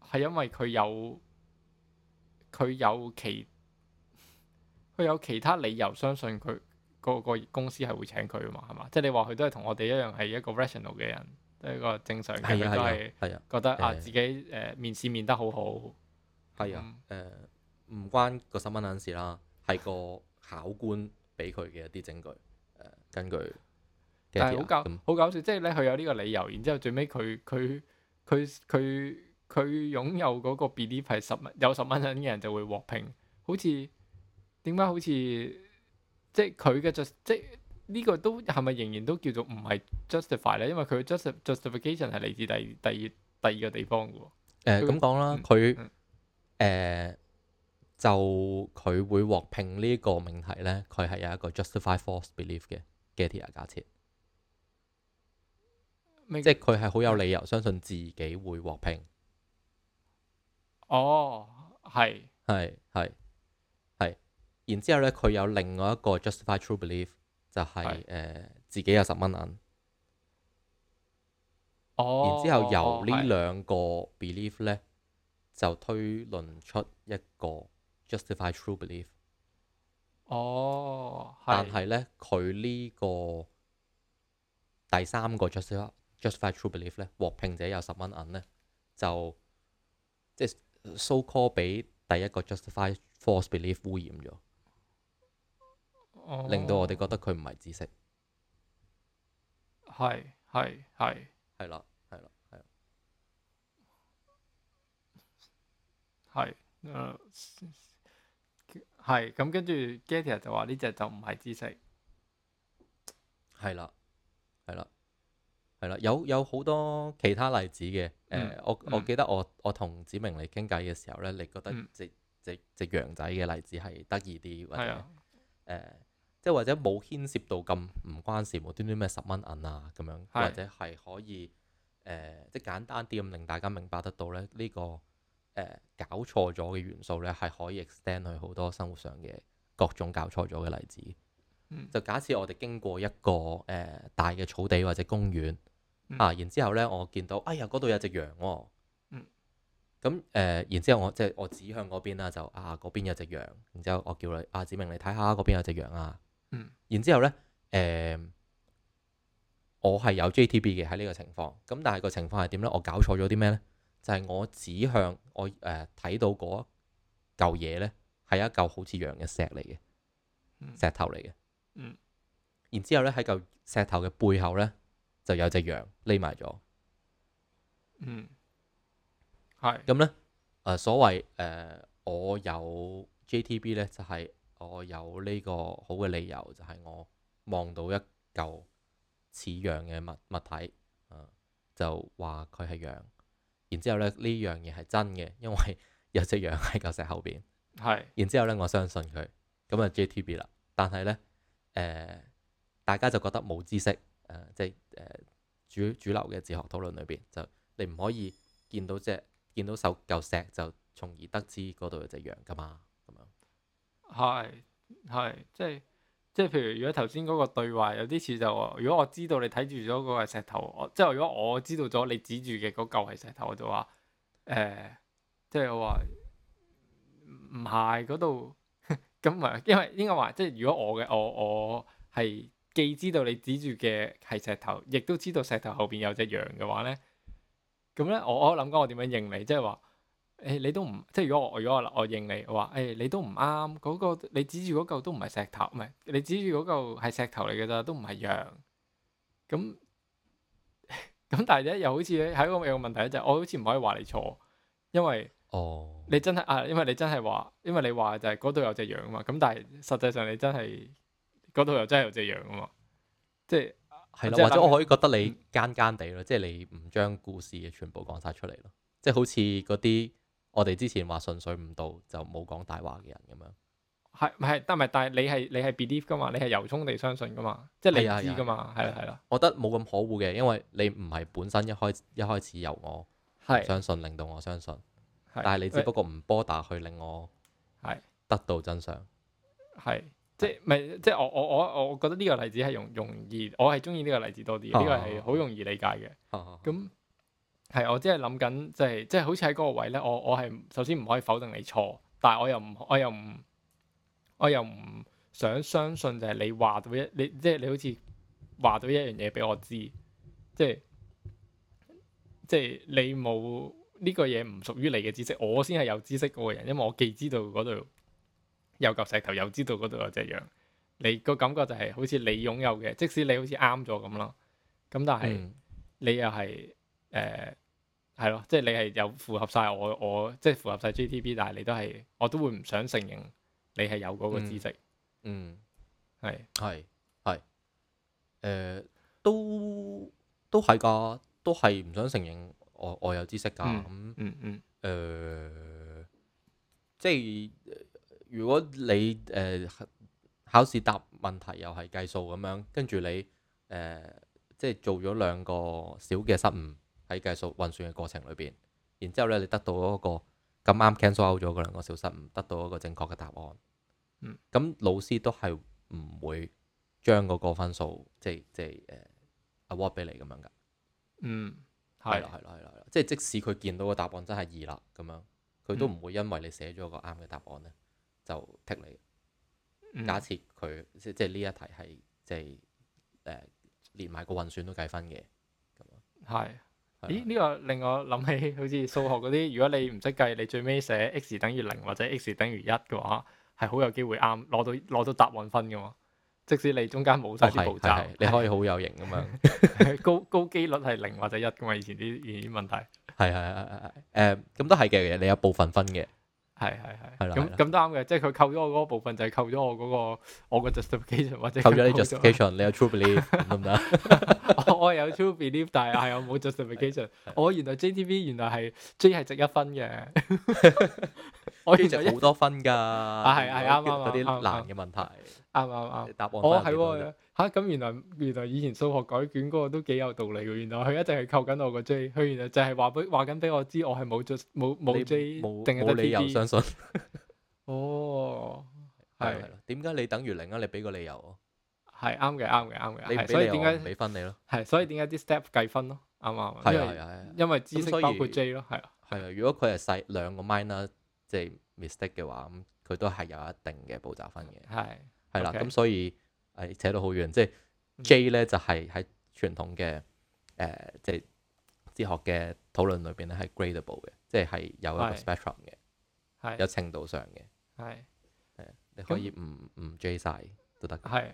係因為佢有佢有其佢有其他理由相信佢個個個公司係會請佢啊嘛係嘛？即係你話佢都係同我哋一樣係一個 rational 嘅人，都係一個正常嘅人都係覺得啊自己誒面試面得好好係啊誒唔那、啊呃、關個新聞嗰陣時啦，係個考官俾佢嘅一啲證據根據 TA、啊，但係好搞麼好搞笑，即係咧佢有呢個理由，然之後最尾佢佢。佢佢佢擁有嗰個 belief 係十蚊有十蚊銀嘅人就會獲聘，好似點解好似即係佢嘅 just 即係呢個都係咪仍然都叫做唔係 justify 咧？因為佢嘅 justification 係嚟自第二第二第二個地方嘅喎。咁講啦，佢誒、呃嗯嗯呃、就佢會獲聘呢個命題咧，佢係有一個 justify false belief 嘅 get it 啊假設。即係佢係好有理由相信自己會獲聘。哦，係係係係。然之後呢，佢有另外一個 justified true belief 就係、是、誒是、呃、自己有十蚊銀。哦、然之後由呢兩個 belief 呢，哦、就推論出一個 justified true belief。哦。但係呢，佢呢個第三個 justified Justified true belief 咧，獲聘者有十蚊銀咧，就即係 so-called 俾第一個 justified false belief 污染咗，令到我哋覺得佢唔係知識。係係係係啦，係啦，係。係誒，係咁，跟住 Gettier 就話呢隻就唔係知識。係啦，係啦。係啦，有有好多其他例子嘅。誒、呃，嗯、我我記得我我同子明你傾偈嘅時候咧，你覺得隻隻隻羊仔嘅例子係得意啲，或者誒的、呃，即係或者冇牽涉到咁唔關事，無端端咩十蚊銀啊咁樣，的或者係可以誒、呃，即係簡單啲咁，令大家明白得到咧、這、呢個誒、呃、搞錯咗嘅元素咧，係可以 extend 去好多生活上嘅各種搞錯咗嘅例子。嗯、就假設我哋經過一個誒、呃、大嘅草地或者公園。啊，然之後咧，我見到，哎呀，嗰度有隻羊喎、啊。咁誒、嗯啊，然之後我即係我指向嗰邊啦，就啊，嗰邊有隻羊。然之後我叫你，阿、啊、梓明，你睇下嗰邊有隻羊啊。嗯、然之後咧，誒、啊，我係有 JTB 嘅喺呢個情況。咁但係個情況係點咧？我搞錯咗啲咩咧？就係、是、我指向我誒睇、呃、到嗰嚿嘢咧，係一嚿好似羊嘅石嚟嘅，嗯、石頭嚟嘅。嗯、然之後咧，喺嚿石頭嘅背後咧。就有隻羊匿埋咗，嗯，係咁咧。誒、呃，所謂誒、呃，我有 JTB 咧，就係、是、我有呢個好嘅理由，就係、是、我望到一嚿似羊嘅物物體，呃、就話佢係羊。然之後咧，呢樣嘢係真嘅，因為有隻羊喺嚿石後邊。係是。然之後咧，我相信佢，咁啊 JTB 啦。但係咧，誒、呃，大家就覺得冇知識。誒、uh, 即係誒、uh, 主主流嘅哲學討論裏邊，就你唔可以見到隻見到手嚿石就從而得知嗰度有隻羊㗎嘛，咁樣。係係，即係即係，譬如如果頭先嗰個對話有啲似就話，如果我知道你睇住咗嗰個石頭，我即係如果我知道咗你指住嘅嗰嚿係石頭，我就話誒、欸，即係我話唔係嗰度，咁啊，因為應該話即係如果我嘅我我係。既知道你指住嘅係石頭，亦都知道石頭後邊有隻羊嘅話咧，咁咧我我諗緊我點樣認你，即係話誒你都唔即係如果我如果我我認你，我話誒、欸、你都唔啱，嗰、嗰個你指住嗰嚿都唔係石頭，唔係你指住嗰嚿係石頭嚟嘅咋，都唔係羊。咁咁但係咧又好似咧喺個有一個問題咧，就係，就我好似唔可以話你錯，因為你真係、oh. 啊，因為你真係話，因為你話就係嗰度有隻羊嘛。咁但係實際上你真係，嗰度又真係有隻羊啊嘛，即係係啦，或者我可以覺得你奸奸地咯，即係你唔將故事嘅全部講晒出嚟咯，即係好似嗰啲我哋之前話純粹唔到就冇講大話嘅人咁樣。係，唔係，但係但係你係你係 believe 噶嘛，你係由衷地相信噶嘛，即係你知噶嘛，係啦係啦。我覺得冇咁可惡嘅，因為你唔係本身一開一開始由我係相信令到我相信，但係你只不過唔波打去令我係得到真相係。即係即係我我我我覺得呢個例子係容容易，我係中意呢個例子多啲。啊、呢個係好容易理解嘅。咁係、啊啊、我只係諗緊，就係即係好似喺嗰個位咧。我我係首先唔可以否定你錯，但係我又唔我又唔我又唔想相信就係你話到一你即係、就係、你好似話到一樣嘢俾我知，即係即係你冇呢個嘢唔屬於你嘅知識，我先係有知識嗰個人，因為我既知道嗰度。有舊石頭又知道嗰度有隻羊，你個感覺就係好似你擁有嘅，即使你好似啱咗咁咯。咁但係你又係誒係咯，即係、嗯呃就是、你係有符合晒我我即係、就是、符合晒 JTB，但係你都係我都會唔想承認你係有嗰個知識。嗯，係係係誒，都都係噶，都係唔想承認我我有知識噶咁、嗯。嗯嗯誒、呃，即係。如果你誒、呃、考試答問題又係計數咁樣，跟住你誒、呃、即係做咗兩個小嘅失誤喺計數運算嘅過程裏邊，然之後咧你得到嗰、嗰個咁啱 cancel 咗嗰兩個小失誤，得到一個正確嘅答案。嗯，咁老師都係唔會將嗰個分數即係即係誒、呃、award 俾你咁樣㗎。嗯，係係啦係啦，即係即使佢見到個答案真係二啦咁樣，佢都唔會因為你寫咗個啱嘅答案咧。嗯就剔你。嗯、假設佢即即呢一題係即係誒、嗯、連埋個運算都計分嘅。係、就是。咦呢、欸、個令我諗起好似數學嗰啲，如果你唔識計，你最尾寫 x 等於零或者 x 等於一嘅話，係好有機會啱攞到攞到，到答案分噶嘛。即使你中間冇晒啲步驟、 哦，你可以好有型咁樣是。 高高機率係零或者一噶嘛？以前啲啲問題。係係係係係。誒咁都係嘅嘢，你有部分分嘅。係係係，咁咁都啱嘅，即係佢扣咗我嗰部分就係、是、扣咗我嗰、那個我個 justification 或者扣咗你 justification，f i 你有 true belief 得唔得？我有 true belief，但係係我冇 justification。我原來 JTB 原來係 J 係值一分嘅，我以前好多分㗎， 啊係係啱啱嗰啲難嘅問題啱啱啱啱啱，答案係。嚇！咁原來原來以前數學改卷嗰個都幾有道理㗎。原來佢一直係扣緊我個 J，佢原來就係話俾話緊俾我知，我係冇做冇冇 J 冇理由相信。哦，係咯。點解你等於零啊？你俾個理由我。係啱嘅，啱嘅，啱嘅。你所以點解俾分你咯。係，所以點解啲 step 計分咯？啱啱。啱啊？係係啊，因為知識包括 J 咯，係啊。係啊，如果佢係細兩個 minor 即係 mistake 嘅話，咁佢都係有一定嘅補習分嘅。係。係啦，咁所以。係扯到好遠，即係 J 咧就係喺傳統嘅誒、呃，即係哲學嘅討論裏邊咧係 gradable 嘅，即係係有一個 spectrum 嘅，係是有程度上嘅，係係是你可以唔唔那 J 晒都得嘅。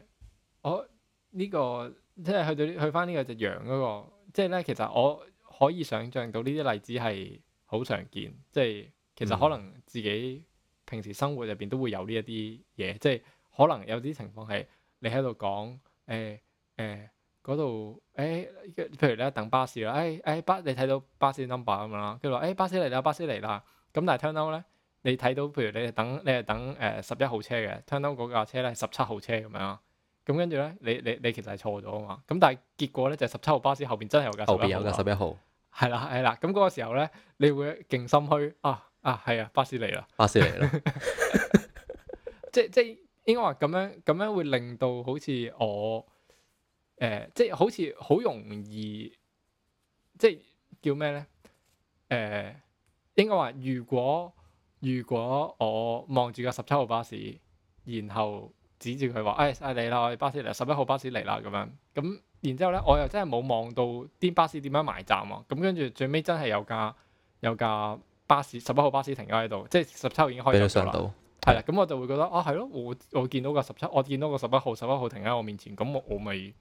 我呢個即係去到去返呢個隻羊嗰個，即係咧、這個這個那個、其實我可以想像到呢啲例子係好常見，即係其實可能自己平時生活入邊都會有呢一啲嘢，嗯、即係可能有啲情況係。你喺度講誒誒嗰度誒，譬如你等巴士啦，誒誒巴你睇到巴士 number 咁樣啦，跟住話誒巴士嚟啦，巴士嚟啦。咁但係 turn out 咧，你睇到譬如你等、哎哎、你係、哎、等誒十一號車嘅，turn out 嗰架車咧十七號車咁樣。咁跟住咧，你你你其實係錯咗啊嘛。咁但係結果咧就係十七號巴士後邊真係有架車，後邊有架十一號。係啦係啦，咁嗰個時候咧，你會勁心虛啊啊係啊，巴士嚟啦，巴士嚟啦， 即即。應該話咁樣咁樣會令到好似我誒、呃，即係好似好容易，即係叫咩咧？誒、呃，應該話如果如果我望住個十七號巴士，然後指住佢話誒，晒、哎、你啦，我哋巴士嚟，十一號巴士嚟啦，咁樣咁，然之後咧我又真係冇望到啲巴士點樣埋站啊！咁跟住最尾真係有架有架巴士，十一號巴士停咗喺度，即係十七號已經開咗啦。係啦，咁我就會覺得啊，係咯，我我見到個十七，我見到個十一號，十一號停喺我面前，咁我我咪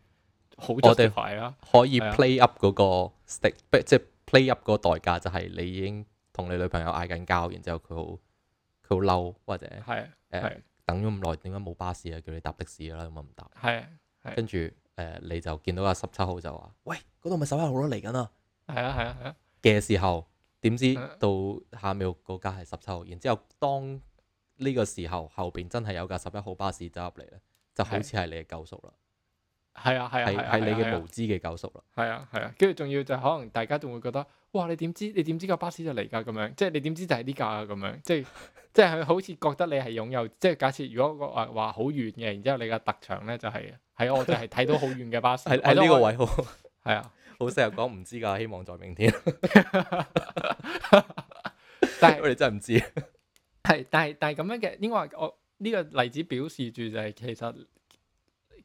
好著急啊！可以 play up 嗰個 stake，即係 play up 個代價就係你已經同你女朋友嗌緊交，然之後佢好佢好嬲，或者係誒等咗咁耐，點解冇巴士啊？叫你搭的士啦，咁我唔搭。係跟住誒，你就見到個十七號就話，喂，嗰度咪十一號咯，嚟緊啊！係啊，係啊，係啊！嘅時候點知到下面個架係十七號，然之後當。呢個時候後邊真係有架十一號巴士走入嚟咧，就好似係你嘅救贖啦。係啊係啊，係你嘅無知嘅救贖啦。係啊係啊，跟住仲要就可能大家仲會覺得，哇！你點知你點知個巴士就嚟㗎咁樣？即係你點知就係呢架啊咁樣？即係即係好似覺得你係擁有。即係 假設如果話話好遠嘅，然之後你嘅特長咧就係、是、係我就係睇到好遠嘅巴士喺呢、 啊、個位好。係啊， 好成日講唔知㗎，希望在明天。 但係我哋真係唔知。 係，但係但係咁樣嘅，因為我呢個例子表示住就係其實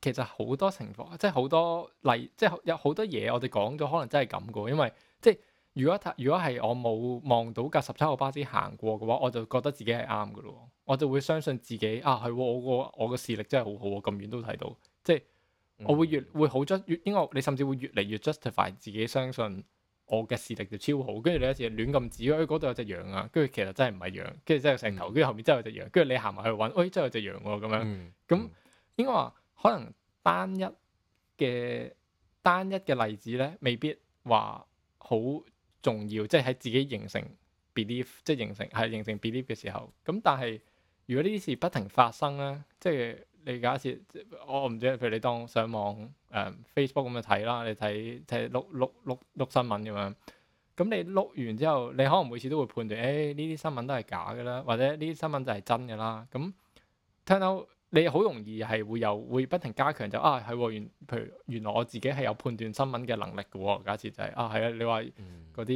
其實好多情況，即係好多例，即係有好多嘢我哋講咗，可能真係咁嘅。因為即係如果如果係我冇望到架十七號巴士行過嘅話，我就覺得自己係啱嘅咯，我就會相信自己啊係我個我嘅視力真係好好，咁遠都睇到。即係我會越會好 j u 因為你甚至會越嚟越 justify 自己相信。我嘅視力就超好，跟住你有一次亂咁指，咦嗰度有隻羊啊？跟住其實真係唔係羊，跟住真係石頭，跟住、嗯、後，後面真係有隻羊，跟住你行埋去揾，喂、哎、真係有隻羊喎、啊、咁樣。咁、嗯嗯、應該話可能單一嘅單一嘅例子咧，未必話好重要，即係喺自己形成 belief，即係形成係形成 belief 嘅時候。咁但係如果呢啲事不停發生咧，即係。你假設即我唔知，譬如你當上網誒、呃、Facebook 咁去睇啦，你睇睇碌碌碌碌新聞咁樣，咁你碌完之後，你可能每次都會判斷，誒呢啲新聞都係假嘅啦，或者呢啲新聞就係真嘅啦。咁聽到你好容易係會有會不停加強就啊係，原譬如原來我自己係有判斷新聞嘅能力嘅喎。假設就係啊係啊，你話嗰啲誒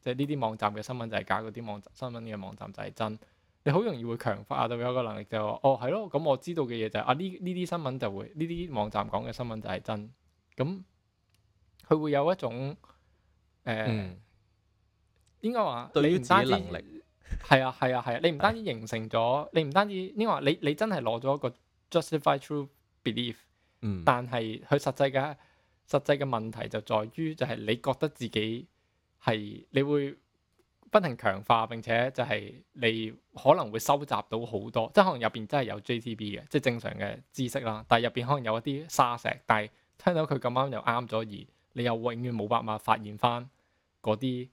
即係呢啲網站嘅新聞就係假，嗰啲網新聞嘅網站就係真，你好容易會強化到、嗯、有個能力就話哦係咯，咁我知道嘅嘢就係、啊呢呢啲新聞就會呢啲網站講嘅新聞就係真，咁、嗯、佢會有一種誒，呃嗯、應該話對於你嘅能力係啊係啊係啊，嗯、你唔單止形成咗， 你唔單止應該話你你真係攞咗一個 justified true belief，、嗯、但係佢實際嘅實際嘅問題就在於就係你覺得自己係你會。你會不停強化，並且就係你可能會收集到好多，即係可能入邊真係有 JTB 嘅，即係正常嘅知識啦。但係入邊可能有一啲沙石，但係聽到佢咁啱又啱咗，而你又永遠冇辦法發現翻嗰啲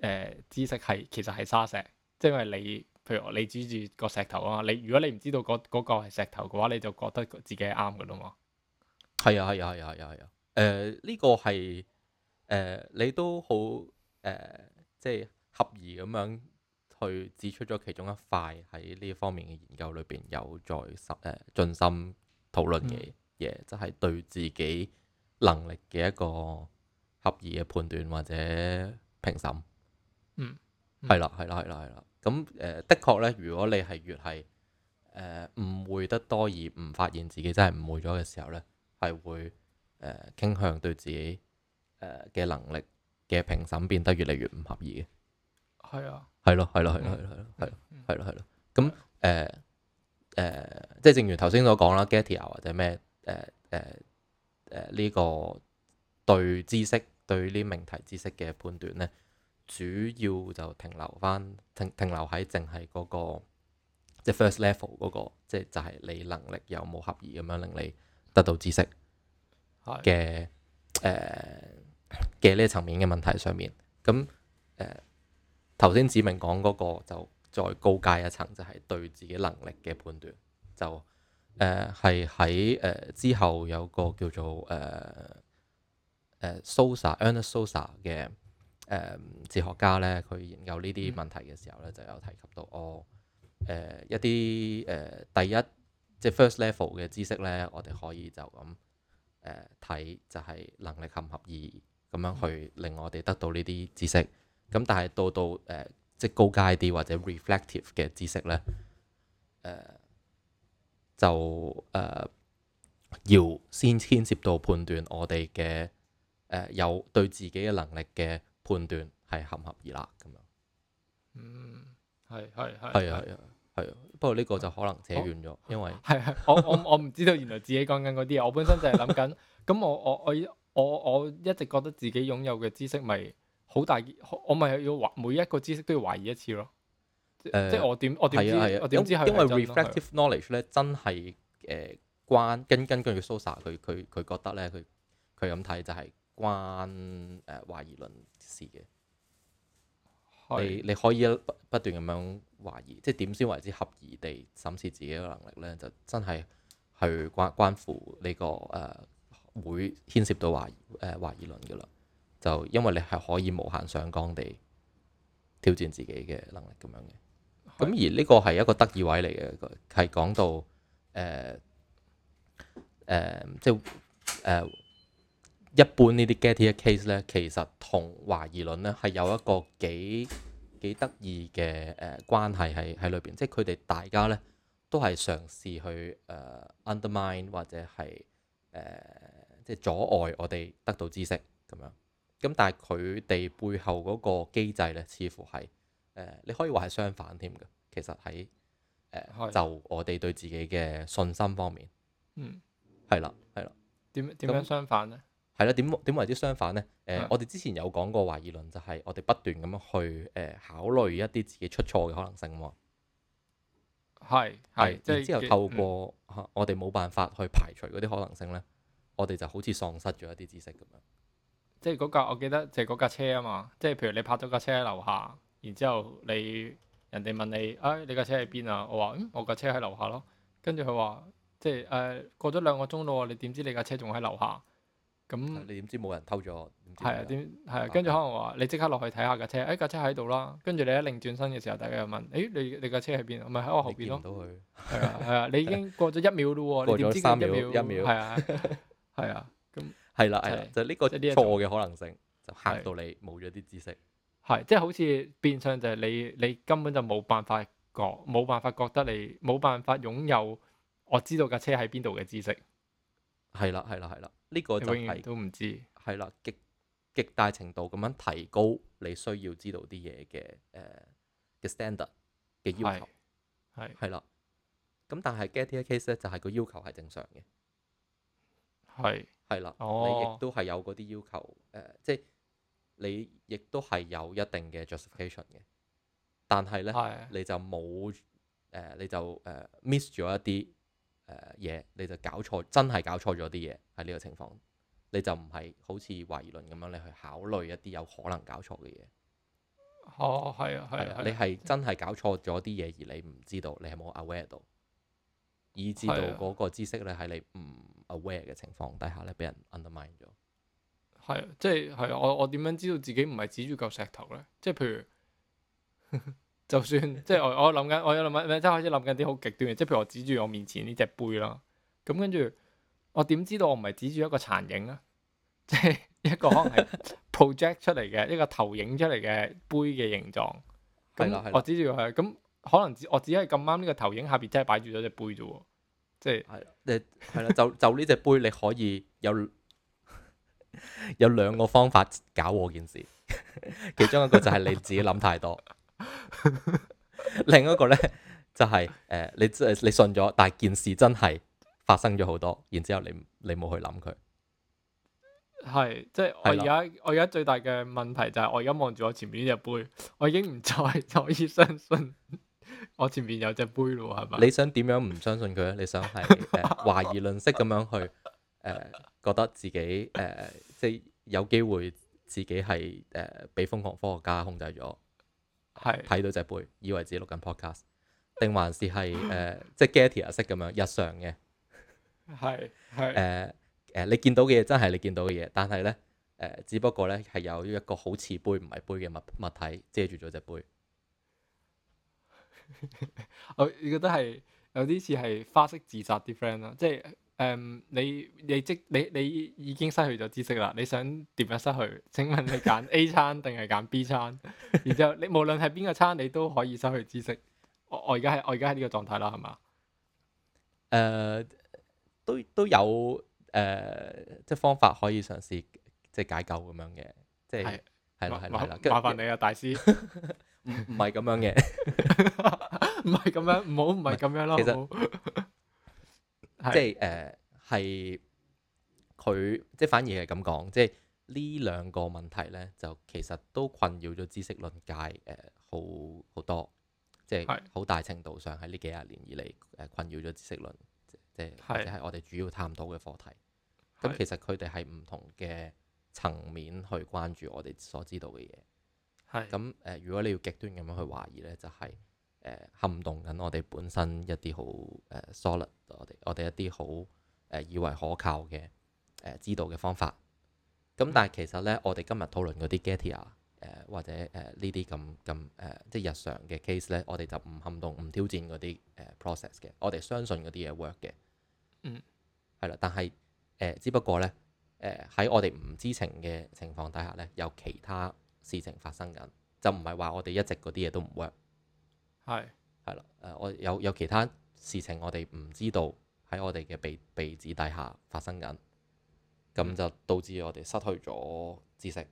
誒知識係其實係沙石，即係因為你譬如你指住個石頭啊，你如果你唔知道嗰嗰個係石頭嘅話，你就覺得自己係啱嘅啦嘛。係啊，係啊，係啊，係啊，係啊，誒呢個係誒你都好誒，即係。合宜咁樣去指出咗其中一塊喺呢方面嘅研究裏邊有在深誒進深討論嘅嘢，即係、嗯、對自己能力嘅一個合宜嘅判斷或者評審、嗯。嗯，係啦，係啦，係啦，係啦。咁誒，的確咧，如果你係越係誒誤會得多而唔發現自己真係誤會咗嘅時候咧，係會誒傾、呃、向對自己誒嘅能力嘅評審變得越嚟越唔合宜嘅。係啊，係咯，係 咯，係咯，係咯，係咯，係咯，係咯。咁誒誒，即係正如頭先所講啦，Gettier 或者咩誒誒誒呢個對知識對呢啲命題知識嘅判斷咧，主要就停留翻停停留喺淨係嗰個即係 first level 嗰個，即係、那個、就係、是、你能力有冇合意咁樣令你得到知識嘅誒嘅呢個層面嘅問題上面。咁誒。呃頭先子明講嗰個就再高階一層，就係、是、對自己能力嘅判斷。就誒係喺誒之後有個叫做誒誒蘇 s e r n s o Sosa） 嘅誒哲、呃、學家咧，佢研究呢啲問題嘅時候咧，就有提及到哦誒、呃、一啲誒、呃、第一即 first level 嘅知識咧，我哋可以就咁誒睇，呃、就係能力合唔合意咁樣去令我哋得到呢啲知識。咁但係到到誒、呃，即係高階啲或者 reflective 嘅知識呢，呃、就誒，要、呃、先牽涉到判斷我哋嘅、呃、有對自己嘅能力嘅判斷係合唔合意啦咁樣。嗯，係係係係啊係啊係啊，不過呢個就可能扯遠咗，我因為係係，我我我唔知道原來自己講緊嗰啲啊， 我本身就係諗緊，咁 我我我我我一直覺得自己擁有嘅知識咪、就係。好大，我咪要話每一個知識都要懷疑一次咯。呃、即係我點我點知？我知、呃啊啊啊、因為，為 reflective knowledge 咧、啊，真係誒關根根據 Sosa 佢佢佢覺得咧，佢佢咁睇就係關誒、呃、懷疑論事嘅。啊、你你可以不不斷咁樣懷疑，即係點先為之合宜地審視自己嘅能力咧？就真係去關關乎呢、這個誒、呃、會牽涉到懷誒懷疑論嘅啦。就因為你係可以無限上崗地挑戰自己嘅能力咁樣嘅，咁的而呢個係一個得意位嚟嘅，係講到誒誒、呃呃、即係誒、呃、一般 get 呢啲 Gettier case 咧，其實同懷疑論咧係有一個幾幾得意嘅誒關係喺喺裏邊，即係佢哋大家咧都係嘗試去誒、呃、undermine 或者係誒、呃、即係阻礙我哋得到知識咁樣。咁但係佢哋背後嗰個機制咧，似乎係誒、呃，你可以話係相反添嘅。其實喺誒，呃、的就我哋對自己嘅信心方面，嗯，係啦，係啦。點點樣相反咧？係啦，點點為之相反咧？誒、呃，的我哋之前有講過懷疑論，就係我哋不斷咁樣去誒、呃、考慮一啲自己出錯嘅可能性喎。係係，然的的之後透過、嗯啊、我哋冇辦法去排除嗰啲可能性咧，我哋就好似喪失咗一啲知識咁樣。即係嗰架，我記得就係嗰架車啊嘛。即係譬如你泊咗架車喺樓下，然之後你人哋問你：哎，你架車喺邊啊？我話：嗯，我架車喺樓下咯。跟住佢話：即係誒、呃、過咗兩個鐘咯，你點知你架車仲喺樓下？咁你點知冇人偷咗？係啊，點係啊？跟住、啊、可能話你即刻落去睇下架車，哎，架車喺度啦。跟住你一擰轉身嘅時候，大家又問：誒、哎、你你架車喺邊 啊？咪喺我後邊咯。係啊係啊，你已經過咗一秒咯喎， 你點知你一秒一秒係 啊係啊咁。嗯 係啦，係啦，就呢個錯嘅可能性就嚇到你冇咗啲知識。係，即係好似變相就係你，你根本就冇辦法覺，冇辦法覺得你冇辦法擁有我知道架車喺邊度嘅知識。係啦，係啦，係啦，呢個就係都唔知。係啦，極極大程度咁樣提高你需要知道啲嘢嘅誒嘅 standard 嘅要求。係。係啦。咁但係 Gettier case 咧，就係個要求係正常嘅。係。係啦，哦、你亦都係有嗰啲要求，誒、呃，即係你亦都係有一定嘅 justification 嘅，但係咧是的、呃，你就冇誒，你就誒 miss 咗一啲誒嘢，你就搞錯，真係搞錯咗啲嘢喺呢個情況，你就唔係好似懷疑論咁樣，你去考慮一啲有可能搞錯嘅嘢。哦，係啊，係啊，你係真係搞錯咗啲嘢，而你唔知道，你係冇 aware 到，以至到嗰個知識咧係你唔。aware 嘅情況底下咧，俾人 undermine 咗。係、啊，即係係、啊、我我點樣知道自己唔係指住嚿石頭咧？即係譬如， 就算即係我我諗緊，我有諗緊，即係開始諗緊啲好極端嘅，即係譬如我指住我面前呢隻杯啦。咁跟住，我點知道我唔係指住一個殘影啊？即 係一個可能係 project 出嚟嘅 一個投影出嚟嘅杯嘅形狀。係我指住佢，咁可能只我只係咁啱呢個投影下邊真係擺住咗隻杯啫喎。即係，係啦、就是， 就就呢隻杯，你可以有有兩個方法搞我件事， 其中一個就係你自己諗太多， 另一個咧就係、是、誒、呃，你誒你信咗，但係件事真係發生咗好多，然之後你你冇去諗佢，係，即、就、係、是、我而家 我而家最大嘅問題就係我而家望住我前面呢隻杯，我已經唔再可以相信。 我前面有隻杯咯，係嘛？你想點樣唔相信佢咧？ 你想係呃、懷疑論式咁樣去誒、呃，覺得自己誒、呃、即係有機會自己係誒俾瘋狂科學家控制咗，係睇是到隻杯，以為自己錄緊 podcast，定 還是係誒、呃、即係 Gettier 式咁樣日常嘅？係係誒誒，你見到嘅嘢真係你見到嘅嘢，但係咧誒，只不過咧係有一個好似杯唔係杯嘅物物體遮住咗隻杯。 我覺得係有啲似係花式自殺啲 friend 囉，即係誒、嗯，你你即你你已經失去咗知識啦，你想點樣失去？請問你揀 A 餐定係揀 B 餐？然之後你無論係邊個餐，你都可以失去知識。我我而家係我而家呢個狀態啦，係嘛？誒、呃，都都有誒、呃，即係方法可以嘗試即係解救咁樣嘅，即係係啦係啦，麻煩你啊，大師。 唔係咁樣嘅，唔係咁樣，唔好唔係咁樣咯。是好好其實即係誒，係佢即係反而係咁講，即係呢兩個問題咧，就其實都困擾咗知識論界誒，uh, 好好多，即係好大程度上喺呢幾廿年以嚟誒困擾咗知識論，即、就、係、是、是或者係我哋主要探討嘅課題。咁是其實佢哋係唔同嘅層面去關注我哋所知道嘅嘢。係咁誒，如果你要極端咁樣去懷疑咧，就係誒撼動緊我哋本身一啲好誒 solid，我哋我哋一啲好誒以為可靠嘅誒、呃、知道嘅方法。咁但係其實咧，我哋今日討論嗰啲 Gettier 誒、呃、或者誒呢啲咁咁誒即係日常嘅 case 咧，我哋就唔撼動、唔挑戰嗰啲誒 process 嘅，我哋相信嗰啲嘢 work 嘅。嗯，係啦，但係誒、呃，只不過咧誒喺我哋唔知情嘅情況底下咧，有其他事情發生緊，就唔係話我哋一直嗰啲嘢都唔 work。係係啦。誒，我有有其他事情，我哋唔知道喺我哋嘅鼻鼻子底下發生緊，咁就導致我哋失去咗知識。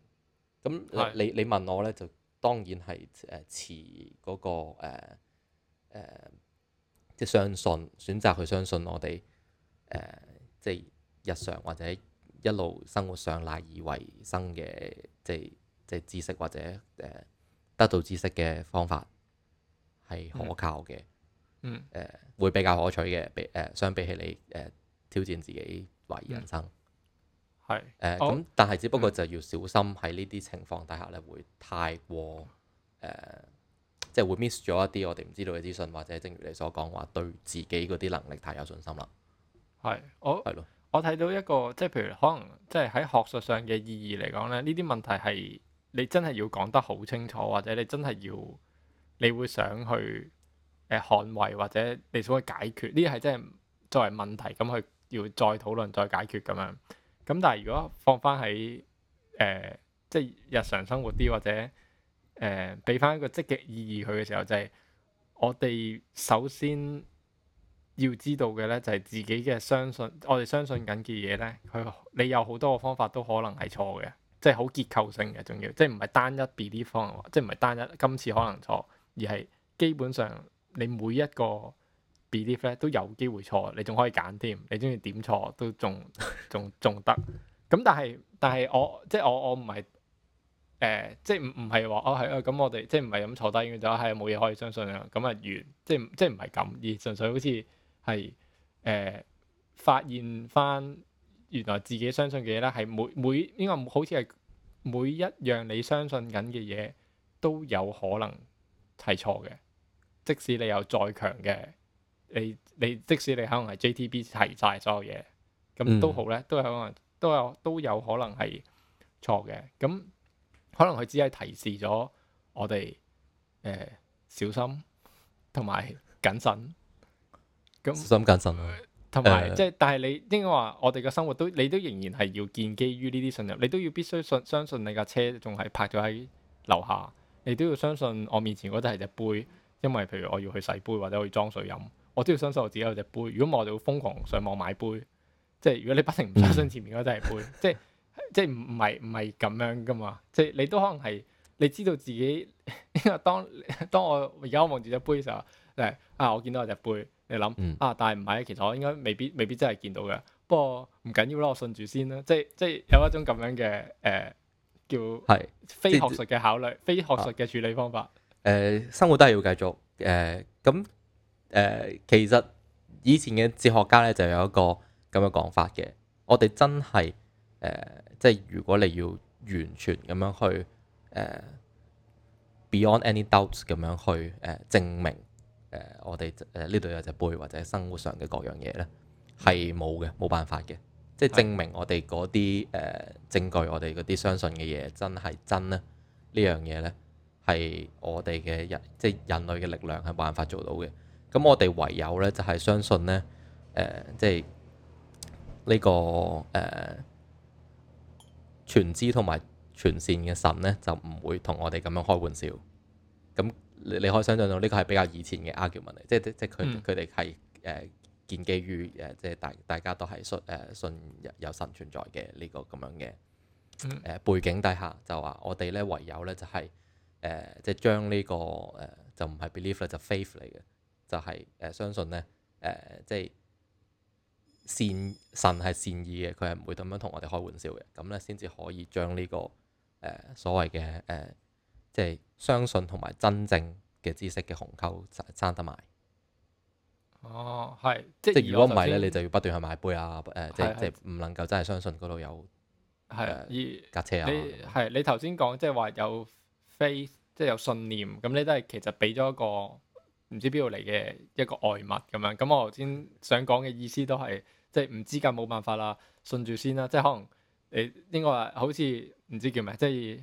咁是你你問我咧，就當然係誒、呃、持嗰、嗰個誒、呃呃、即係相信選擇去相信我哋誒、呃，即係日常或者一路生活上賴以為生嘅，即係。即係知識或者誒得到知識嘅方法係可靠嘅、嗯，嗯、呃，會比較可取嘅，比誒、呃、相比起你誒、呃、挑戰自己懷疑人生係誒咁，但係、哦、只不過就要小心喺呢啲情況底下咧，會太過誒、呃、即係會 miss 咗一啲我哋唔知道嘅資訊，或者正如你所講話，對自己嗰啲能力太有信心啦。係我係咯，我睇了到一個即係譬如可能即係喺學術上嘅意義嚟講咧，呢啲問題係。你真係要講得好清楚，或者你真係要，你會想去誒捍衞，或者你想去解決，呢啲係真係作為問題咁去要再討論、再解決咁樣。咁但係如果放翻喺誒即係日常生活啲，或者誒俾翻一個積極意義佢嘅時候，就係我哋首先要知道嘅咧，就係自己嘅相信，我哋相信緊嘅嘢咧，佢你有好多個方法都可能係錯嘅。即係好結構性嘅仲要，即係唔係單一 belief 方嘅話，即係唔係單一今次可能錯，而係基本上你每一個 belief 呢都有機會錯，你仲可以揀添，你中意點錯都仲仲仲得。咁 但係但係我即係我我唔係誒，即係唔唔係話哦係啊，咁我哋即係唔係咁坐低嘅就係冇嘢可以相信啊。咁啊完，即係即係唔係咁而純粹好似係誒發現翻。原來自己相信嘅嘢咧，係每每應該好似係每一樣你相信緊嘅嘢都有可能係錯嘅，即使你有再強嘅，你你即使你可能係 JTB 提晒所有嘢，咁都好咧，都可能都有都有可能係錯嘅。咁可能佢只係提示咗我哋誒、呃、小心同埋謹慎，小心謹慎啊！同埋即係，是但係你應該話，我哋嘅生活都你都仍然係要建基於呢啲信任，你都要必須信相信你架車仲係泊咗喺樓下，你都要相信我面前嗰隻係隻杯，因為譬如我要去洗杯或者我要裝水飲，我都要相信我自己有隻杯。如果唔係，我哋會瘋狂上網買杯。即係如果你不停唔相信前面嗰隻係杯， 即係即係唔唔係唔係咁樣噶嘛。即係你都可能係你知道自己，因為當當我而家望住隻杯時候，嚟、就是、啊我見到有隻杯。你諗啊，但係唔係？其實我應該未必未必真係見到嘅。嗯、不過唔緊要咯，我信住先啦。即係即係有一種咁樣嘅誒、呃，叫係非學術嘅考慮，是非學術嘅處理方法。誒、嗯呃，生活都係要繼續。誒、呃，咁、呃、誒、呃，其實以前嘅哲學家咧就有一個咁嘅講法嘅。我哋真係誒、呃，即係如果你要完全咁樣去誒、呃，beyond any doubts 咁樣去誒證明。誒、呃，我哋誒呢度有隻杯，或者生活上嘅各樣嘢咧，係冇嘅，冇辦法嘅，即係證明我哋嗰啲誒證據，我哋嗰啲相信嘅嘢真係真咧，樣呢樣嘢咧係我哋嘅人，即係人類嘅力量係冇辦法做到嘅。咁我哋唯有咧就係、是、相信咧，誒、呃，即係、這個呃、呢個誒全知同埋全善嘅神咧，就唔會同我哋咁樣開玩笑。咁、嗯你你可以想象到呢個係比較以前嘅 argument 嚟，即係即係佢佢哋係誒建基於誒即係大大家都係信誒、呃、信有神存在嘅呢、這個咁樣嘅誒、呃、背景底下，就話我哋咧唯有咧就係誒即係將呢個誒就唔係 belief 就 faith 嚟嘅，就係、是、誒、呃這個呃就是就是呃、相信咧誒、呃、即係善神係善意嘅，佢係唔會咁樣同我哋開玩笑嘅，咁咧先至可以將呢、這個誒、呃、所謂嘅誒。呃即係相信同埋真正嘅知識嘅鴻溝爭得埋。哦，係即係如果唔係咧，你就要不斷去買杯啊，誒、呃，是即即係唔能夠真係相信嗰度有係依架車啊。係你頭先講即係話有 faith 即係有信念咁，你都係其實俾咗一個唔知邊度嚟嘅一個外物咁樣。咁我頭先想講嘅意思都係即係唔知㗎，冇辦法啦，信住先啦。即係可能你應該話好似唔知叫咩，即係誒。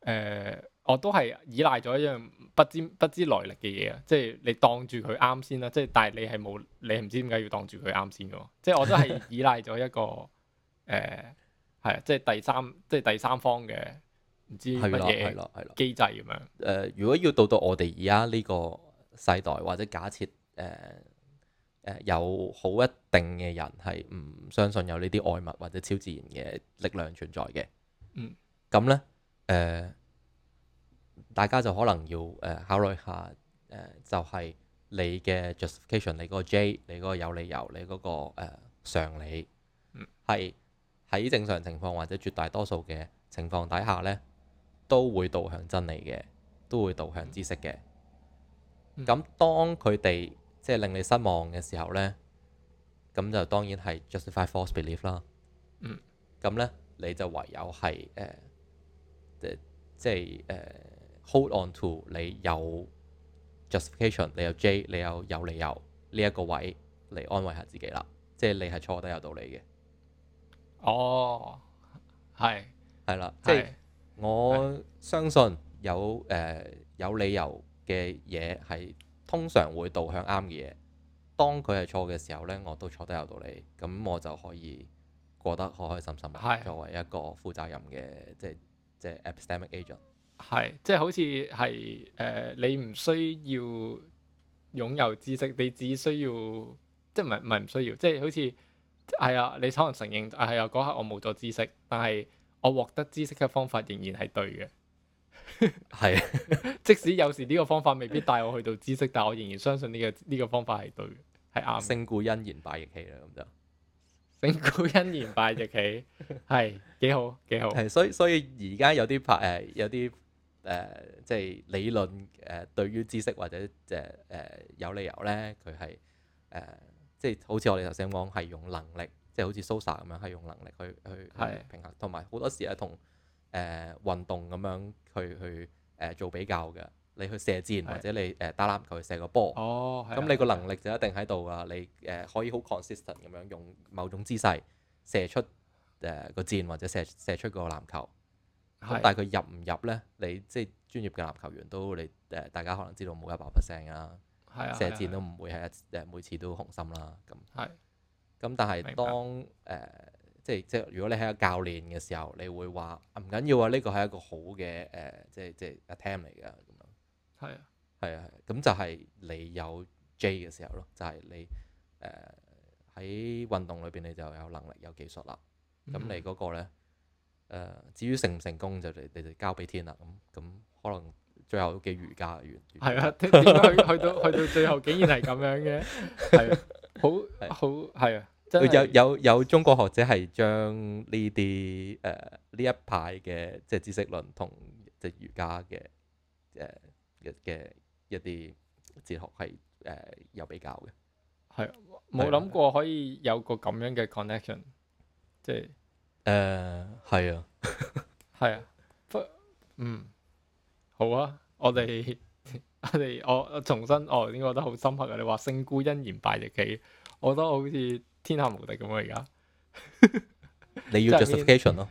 呃我都係依賴咗一樣不知不知來歷嘅嘢啊！即係你當住佢啱先啦，即係但係你係冇你係唔知點解要當住佢啱先㗎喎！即係我都係依賴咗一個誒係、 呃、即係第三即係第三方嘅唔知乜嘢機制咁樣。誒、呃，如果要到到我哋而家呢個世代，或者假設誒誒、呃呃、有好一定嘅人係唔相信有呢啲外物或者超自然嘅力量存在嘅，嗯，咁咧誒。呃大家就可能要誒、呃、考慮下誒、呃，就係、是、你嘅 justification，你嗰個 J，你嗰個有理由，你嗰、那個、呃、常理，係喺、嗯、正常情況或者絕大多數嘅情況底下咧，都會導向真理嘅，都會導向知識嘅。咁、嗯、當佢哋即係令你失望嘅時候咧，咁就當然係 justify false belief 啦。嗯。咁咧，你就唯有係誒、呃，即係誒。Hold on to 你有 justification，你有 J，你有有理由呢一個位嚟安慰下自己啦，即係你係錯得有道理嘅。哦，oh，係係啦，即係是是我相信有誒，uh，有理由嘅嘢係通常會導向啱嘅嘢。當佢係錯嘅時候呢，我都錯得有道理，咁我就可以過得開開心心。係是作為一個負責任嘅即係即係 epistemic agent。係，即係好似係誒，你唔需要擁有知識，你只需要即係唔係唔係唔需要，即係好似係啊，你可能承認啊係啊，嗰、哎、刻我冇咗知識，但係我獲得知識嘅方法仍然係對嘅，係 即使有時呢個方法未必帶我去到知識， 但係我仍然相信呢、個呢、個方法係對，係啱。勝固欣然敗亦喜啦，咁就勝固欣然敗亦喜，係幾好幾好，係所以所以而家有啲拍誒有啲。有誒、呃、即係理論誒、呃、對於知識或者即係、呃、有理由咧，佢係誒即係好似我哋頭先講，係用能力，即係好似 Sosa 咁樣，係用能力去去平衡，同埋好多時係同誒運動咁樣去去誒、呃、做比較嘅。你去射箭或者你誒打籃球去射個波，咁、哦、你個能力就一定喺度㗎啦！你誒、呃、可以好 consistent 咁樣用某種姿勢射出誒、呃嗰個箭或者射射出個籃球。但係佢入唔入呢？你即係專業嘅籃球員都你誒，大家可能知道冇一百 percent 啊，啊射箭都唔會係誒，啊、每次都紅心啦、啊。咁，咁、啊、但係當誒明白、呃、即係即係，如果你係一個教練嘅時候，你會話唔緊要啊，呢個係一個好嘅誒、呃，即係即係 attempt 嚟㗎。咁樣係啊，係啊，咁就係你有 J 嘅時候咯，就係、係、你誒喺、呃、運動裏邊，你就有能力有技術啦。咁、嗯、你嗰個咧？誒，至於成唔成功就你哋交俾天啦，咁咁，可能最後嘅儒家原係啊，點解去， 去到去到最後竟然係咁樣嘅？係 啊，好好係啊，好啊有有有中國學者係將呢啲誒呢一派嘅即係知識論同即係儒家嘅誒嘅一啲哲學係誒、呃、有比較嘅，係冇諗過可以有個咁樣嘅 connection，即係。誒，係、uh, 啊, 啊，係啊，嗯，好啊，我哋 我哋我重新，我、哦、應該覺得好深刻啊！你話勝固欣然敗亦喜，我覺得我好似天下無敵咁啊！而 家你要 justification 咯、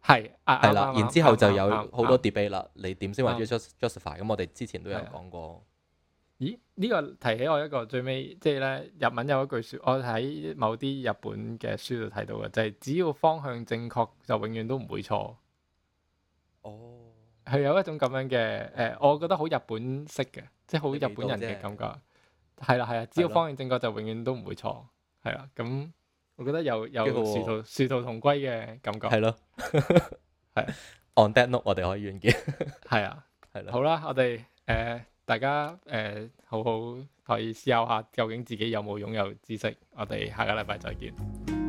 啊，係係啦，然之後就有好多 debate 啦，嗯嗯、你點先話要 justification？咁我哋之前都有講過。咦？呢、呢個提起我一個最尾，即係咧，日文有一句説，我喺某啲日本嘅書度睇到嘅，就係只要方向正確，就永遠都唔會錯。哦，係有一種咁樣嘅誒，我覺得好日本式嘅，即係好日本人嘅感覺。係啦，係啊，只要方向正確，就永遠都唔會錯。係啦，咁我覺得有有殊途殊途同歸嘅感覺。係咯，係、嗯。 的 On that note，我哋可以完結。啊 的，係啦是的。好 啦，我哋誒。 pel k atar 大家誒、呃，好好可以思考下，究竟自己有冇擁有知識。我哋下個禮拜再見。